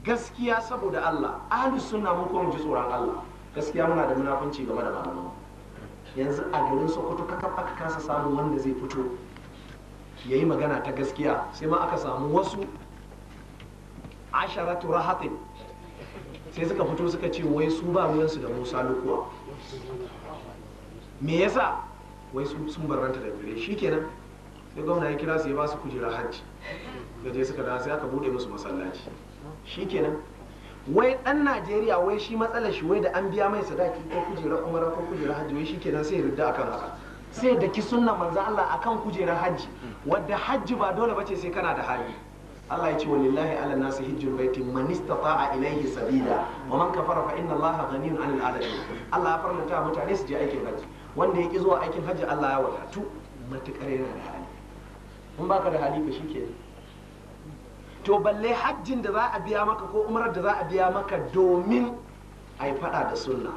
gaskiya saboda Allah ahlus sunna mun mu ji tsoron Allah gaskiya muna da munafunci game da malaman yanzu a garin sokoto kakaf aka kasa samun wanda zai fito ya yi magana ta gaskiya sai ma aka samu wasu tura hatin sai suka fito suka ce wai su ba ruwansu da musa lukuwa me yasa wai sun barranta da gare shi kenan sai gwamna ya kira su ya ba su kujera hajji da je suka da sai aka bude musu masallaci shi kenan wai dan najeriya wai shi matsalar shi wai da an biya mai sadaki ko kujerar umara ko kujerar hajji wai shi kenan sai rudda akan haka sai da ki sunna manzo Allah akan kujerar hajji wadda hajji ba dole bace sai kana da hali Allah ya ce walillahi ala nasi hijjul baiti man istata'a ilayhi sabila wa man kafara fa inna Allah ghaniyun 'anil alamin Allah ya farlanta mutane su je aikin hajji wanda ya ki zuwa aikin hajji Allah ya wadatu matukar yana da hali in baka da hali ba shikenan to balle hajjin da za a biya maka ko umarar da za a biya maka domin a yi fada da sunna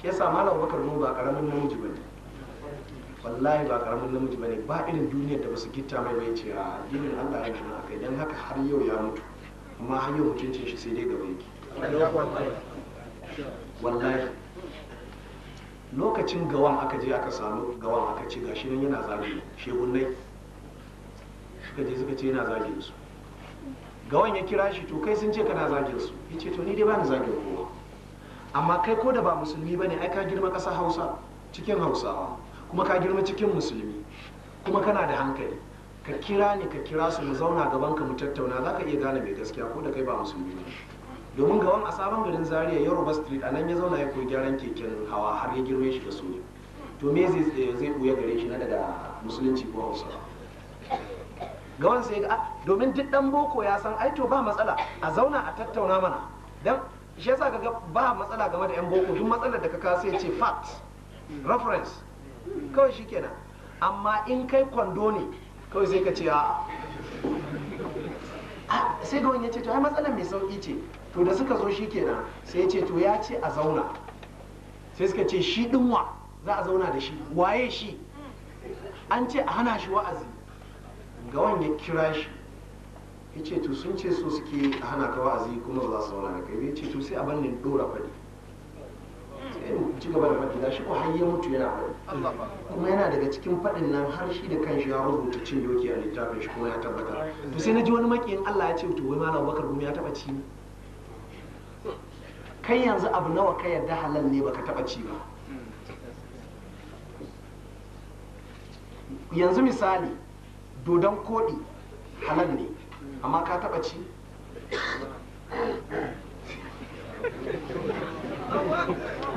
shi yasa malam bakar mu ba karamin namiji bane wallahi ba karamin namiji bane ba irin duniyar da basu gitta mai bai ce a ah, addinin Allah ya a kai don haka har yau ya mutu amma har yau mutuncin shi sai dai gaba yake wallahi lokacin gawan aka je aka samu gawan aka ci gashi nan yana zagaye shegunai suka je suka ce yana zagin su ga wani ya kira shi to kai sun ce kana zagin su ya ce to ni dai bani zagin kowa amma kai ko da ba musulmi bane ai ka girma ƙasa hausa cikin hausawa kuma ka girma cikin musulmi kuma kana da hankali ka kira ni ka kira su mu zauna gaban ka mu tattauna za ka iya gane mai gaskiya ko da kai ba musulmi ne domin wani a sabon garin zaria yoruba street a nan ya zauna ya koyi gyaran keken hawa har ya girme shi da su to me zai eh, zai buya gare shi na daga musulunci ko hausawa ga wani sai ga ah, domin duk dan boko ya san ai to ba matsala a zauna a tattauna mana dan shi yasa kaga ba matsala game da yan boko duk matsalar da ka kawo sai ce fact reference kawai shikenan amma in kai kwando ne kawai sai ka ce a ah, sai ga wani ya ce to ai matsalar mai sauki ce to da suka zo shikenan sai ya ce to ya ce a zauna sai suka ce shi dinwa za a zauna da shi waye shi an ce a hana shi wa'azi ga wanda ya kira shi ya ce to sun ce so suke hana ka wa'azi kuma ba za su zauna kai ya ce to sai a bannin dora faɗi sai mu ci gaba da faɗi da shi ko har ya mutu yana faɗi kuma yana daga cikin faɗin nan har shi da kanshi ya rubuta cin doki a littafin shi kuma ya tabbatar to sai na ji wani makiyin Allah ya ce to wai malam Bakar kuma ya taba ci kai yanzu abu nawa ka yarda halal ne baka taba ci ba yanzu misali dodon koɗi halal ne amma ka taɓa ci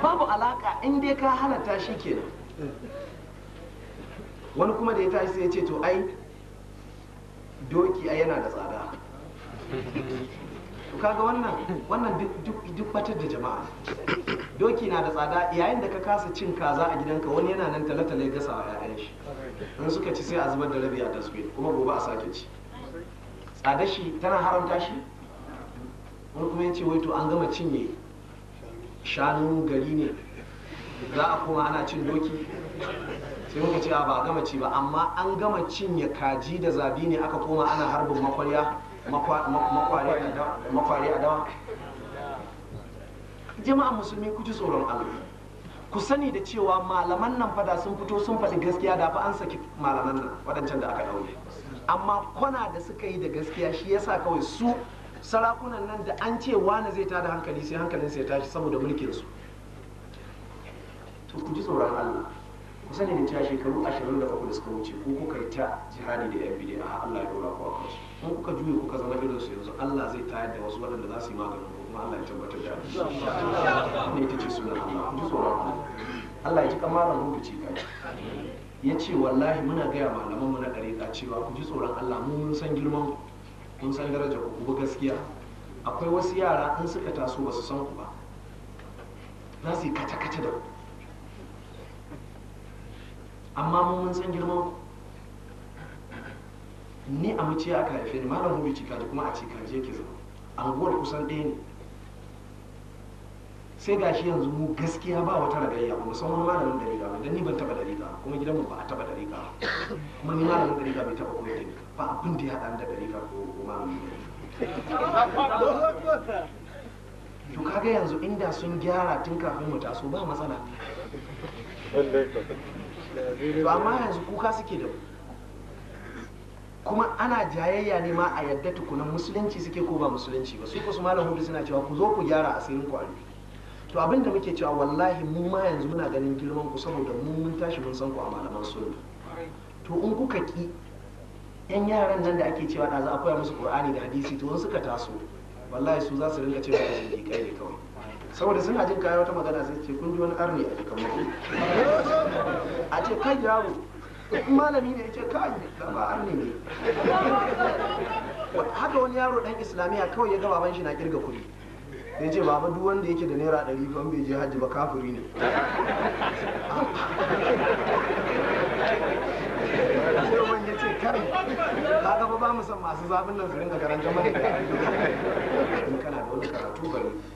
babu alaka inda ka halatta shi kenan wani kuma da ya tashi sai ya ce to ai doki a yana da tsada to kaga wannan wannan duk batar da jama'a doki na da tsada yayin da ka kasa cin kaza a gidanka wani yana nan talatalai gasa a 'ya'yan shi in suka ci sai a zubar da rabi a taswe kuma gobe a sake ci tsada shi tana haramta shi wani kuma yace wai to an gama cinye shanu gari ne za a kuma ana cin doki sai muka ce ba a gama ci ba amma an gama cinye kaji da zabi ne aka koma ana harbin makwarya makwari a dawa jama'a musulmi ku ji tsoron allah ku sani da cewa malaman nan fada sun fito sun faɗi gaskiya da fa an saki malaman nan waɗancan da aka ɗaure amma kwana da suka yi da gaskiya shi yasa kawai su sarakunan nan da an ce wani zai tada hankali sai hankalin sai tashi saboda mulkin su to ku ji tsoron Allah ku sani da cewa shekaru ashirin da suka wuce ku kuka yi ta jihadi da yan bidiya Allah ya dora ku a kansu in kuka juye kuka zama irin su yanzu Allah zai tayar da wasu waɗanda za su yi maganin ko kuma Allah ya tabbatar da ne ita ce sunan Allah ji tsoron Allah Allah ya ji kamaran rubuci ka. ya ce wallahi muna gaya malaman mu na ɗariƙa cewa ku ji tsoron Allah mu mun san girman mun san darajar ku ba gaskiya akwai wasu yara in suka taso ba su san ku ba za su yi kata-kata da ku amma mun san girman ku ni a mace aka haife ni malam hubi cikaji kuma a ke yake zama anguwar kusan ɗaya ne sai gashi yanzu mu gaskiya ba wata ragayya ba musamman malamin dariƙa ba dan ni ban taba dariƙa kuma gidanmu ba a taba dariƙa kuma ni malamin dariƙa bai taba koyar da ni ba abin da ya haɗa da dariƙa ko malamin to kaga yanzu inda sun gyara tun kafin mu taso ba matsala to amma yanzu kuka suke da mu kuma ana jayayya ne ma a yadda tukunan musulunci suke ko ba musulunci ba su kusa su malam hudu suna cewa ku zo ku gyara asirin ku a to abin da muke cewa wallahi mu ma yanzu muna ganin girman ku saboda mu mun tashi mun san ku a malaman sunna to in kuka ki yan yaran nan da ake cewa ɗazu a koya musu qur'ani da hadisi to suka taso wallahi su za su rinka cewa da sun kai ne kawai saboda suna jin kayan wata magana sai ce kun ji wani arni a jikan mutum a ce kai yaro malami ne ce kai gaba an ne haka wani yaro dan islamiyya kawai ya ga baban shi na kirga kuɗi ya ce baba duk wanda yake da naira ɗari ban bai je hajji ba kafiri ne sai ya ce kai ka gaba ba mu san masu zafin nan su ringa karanta mai in kana da wani karatu bari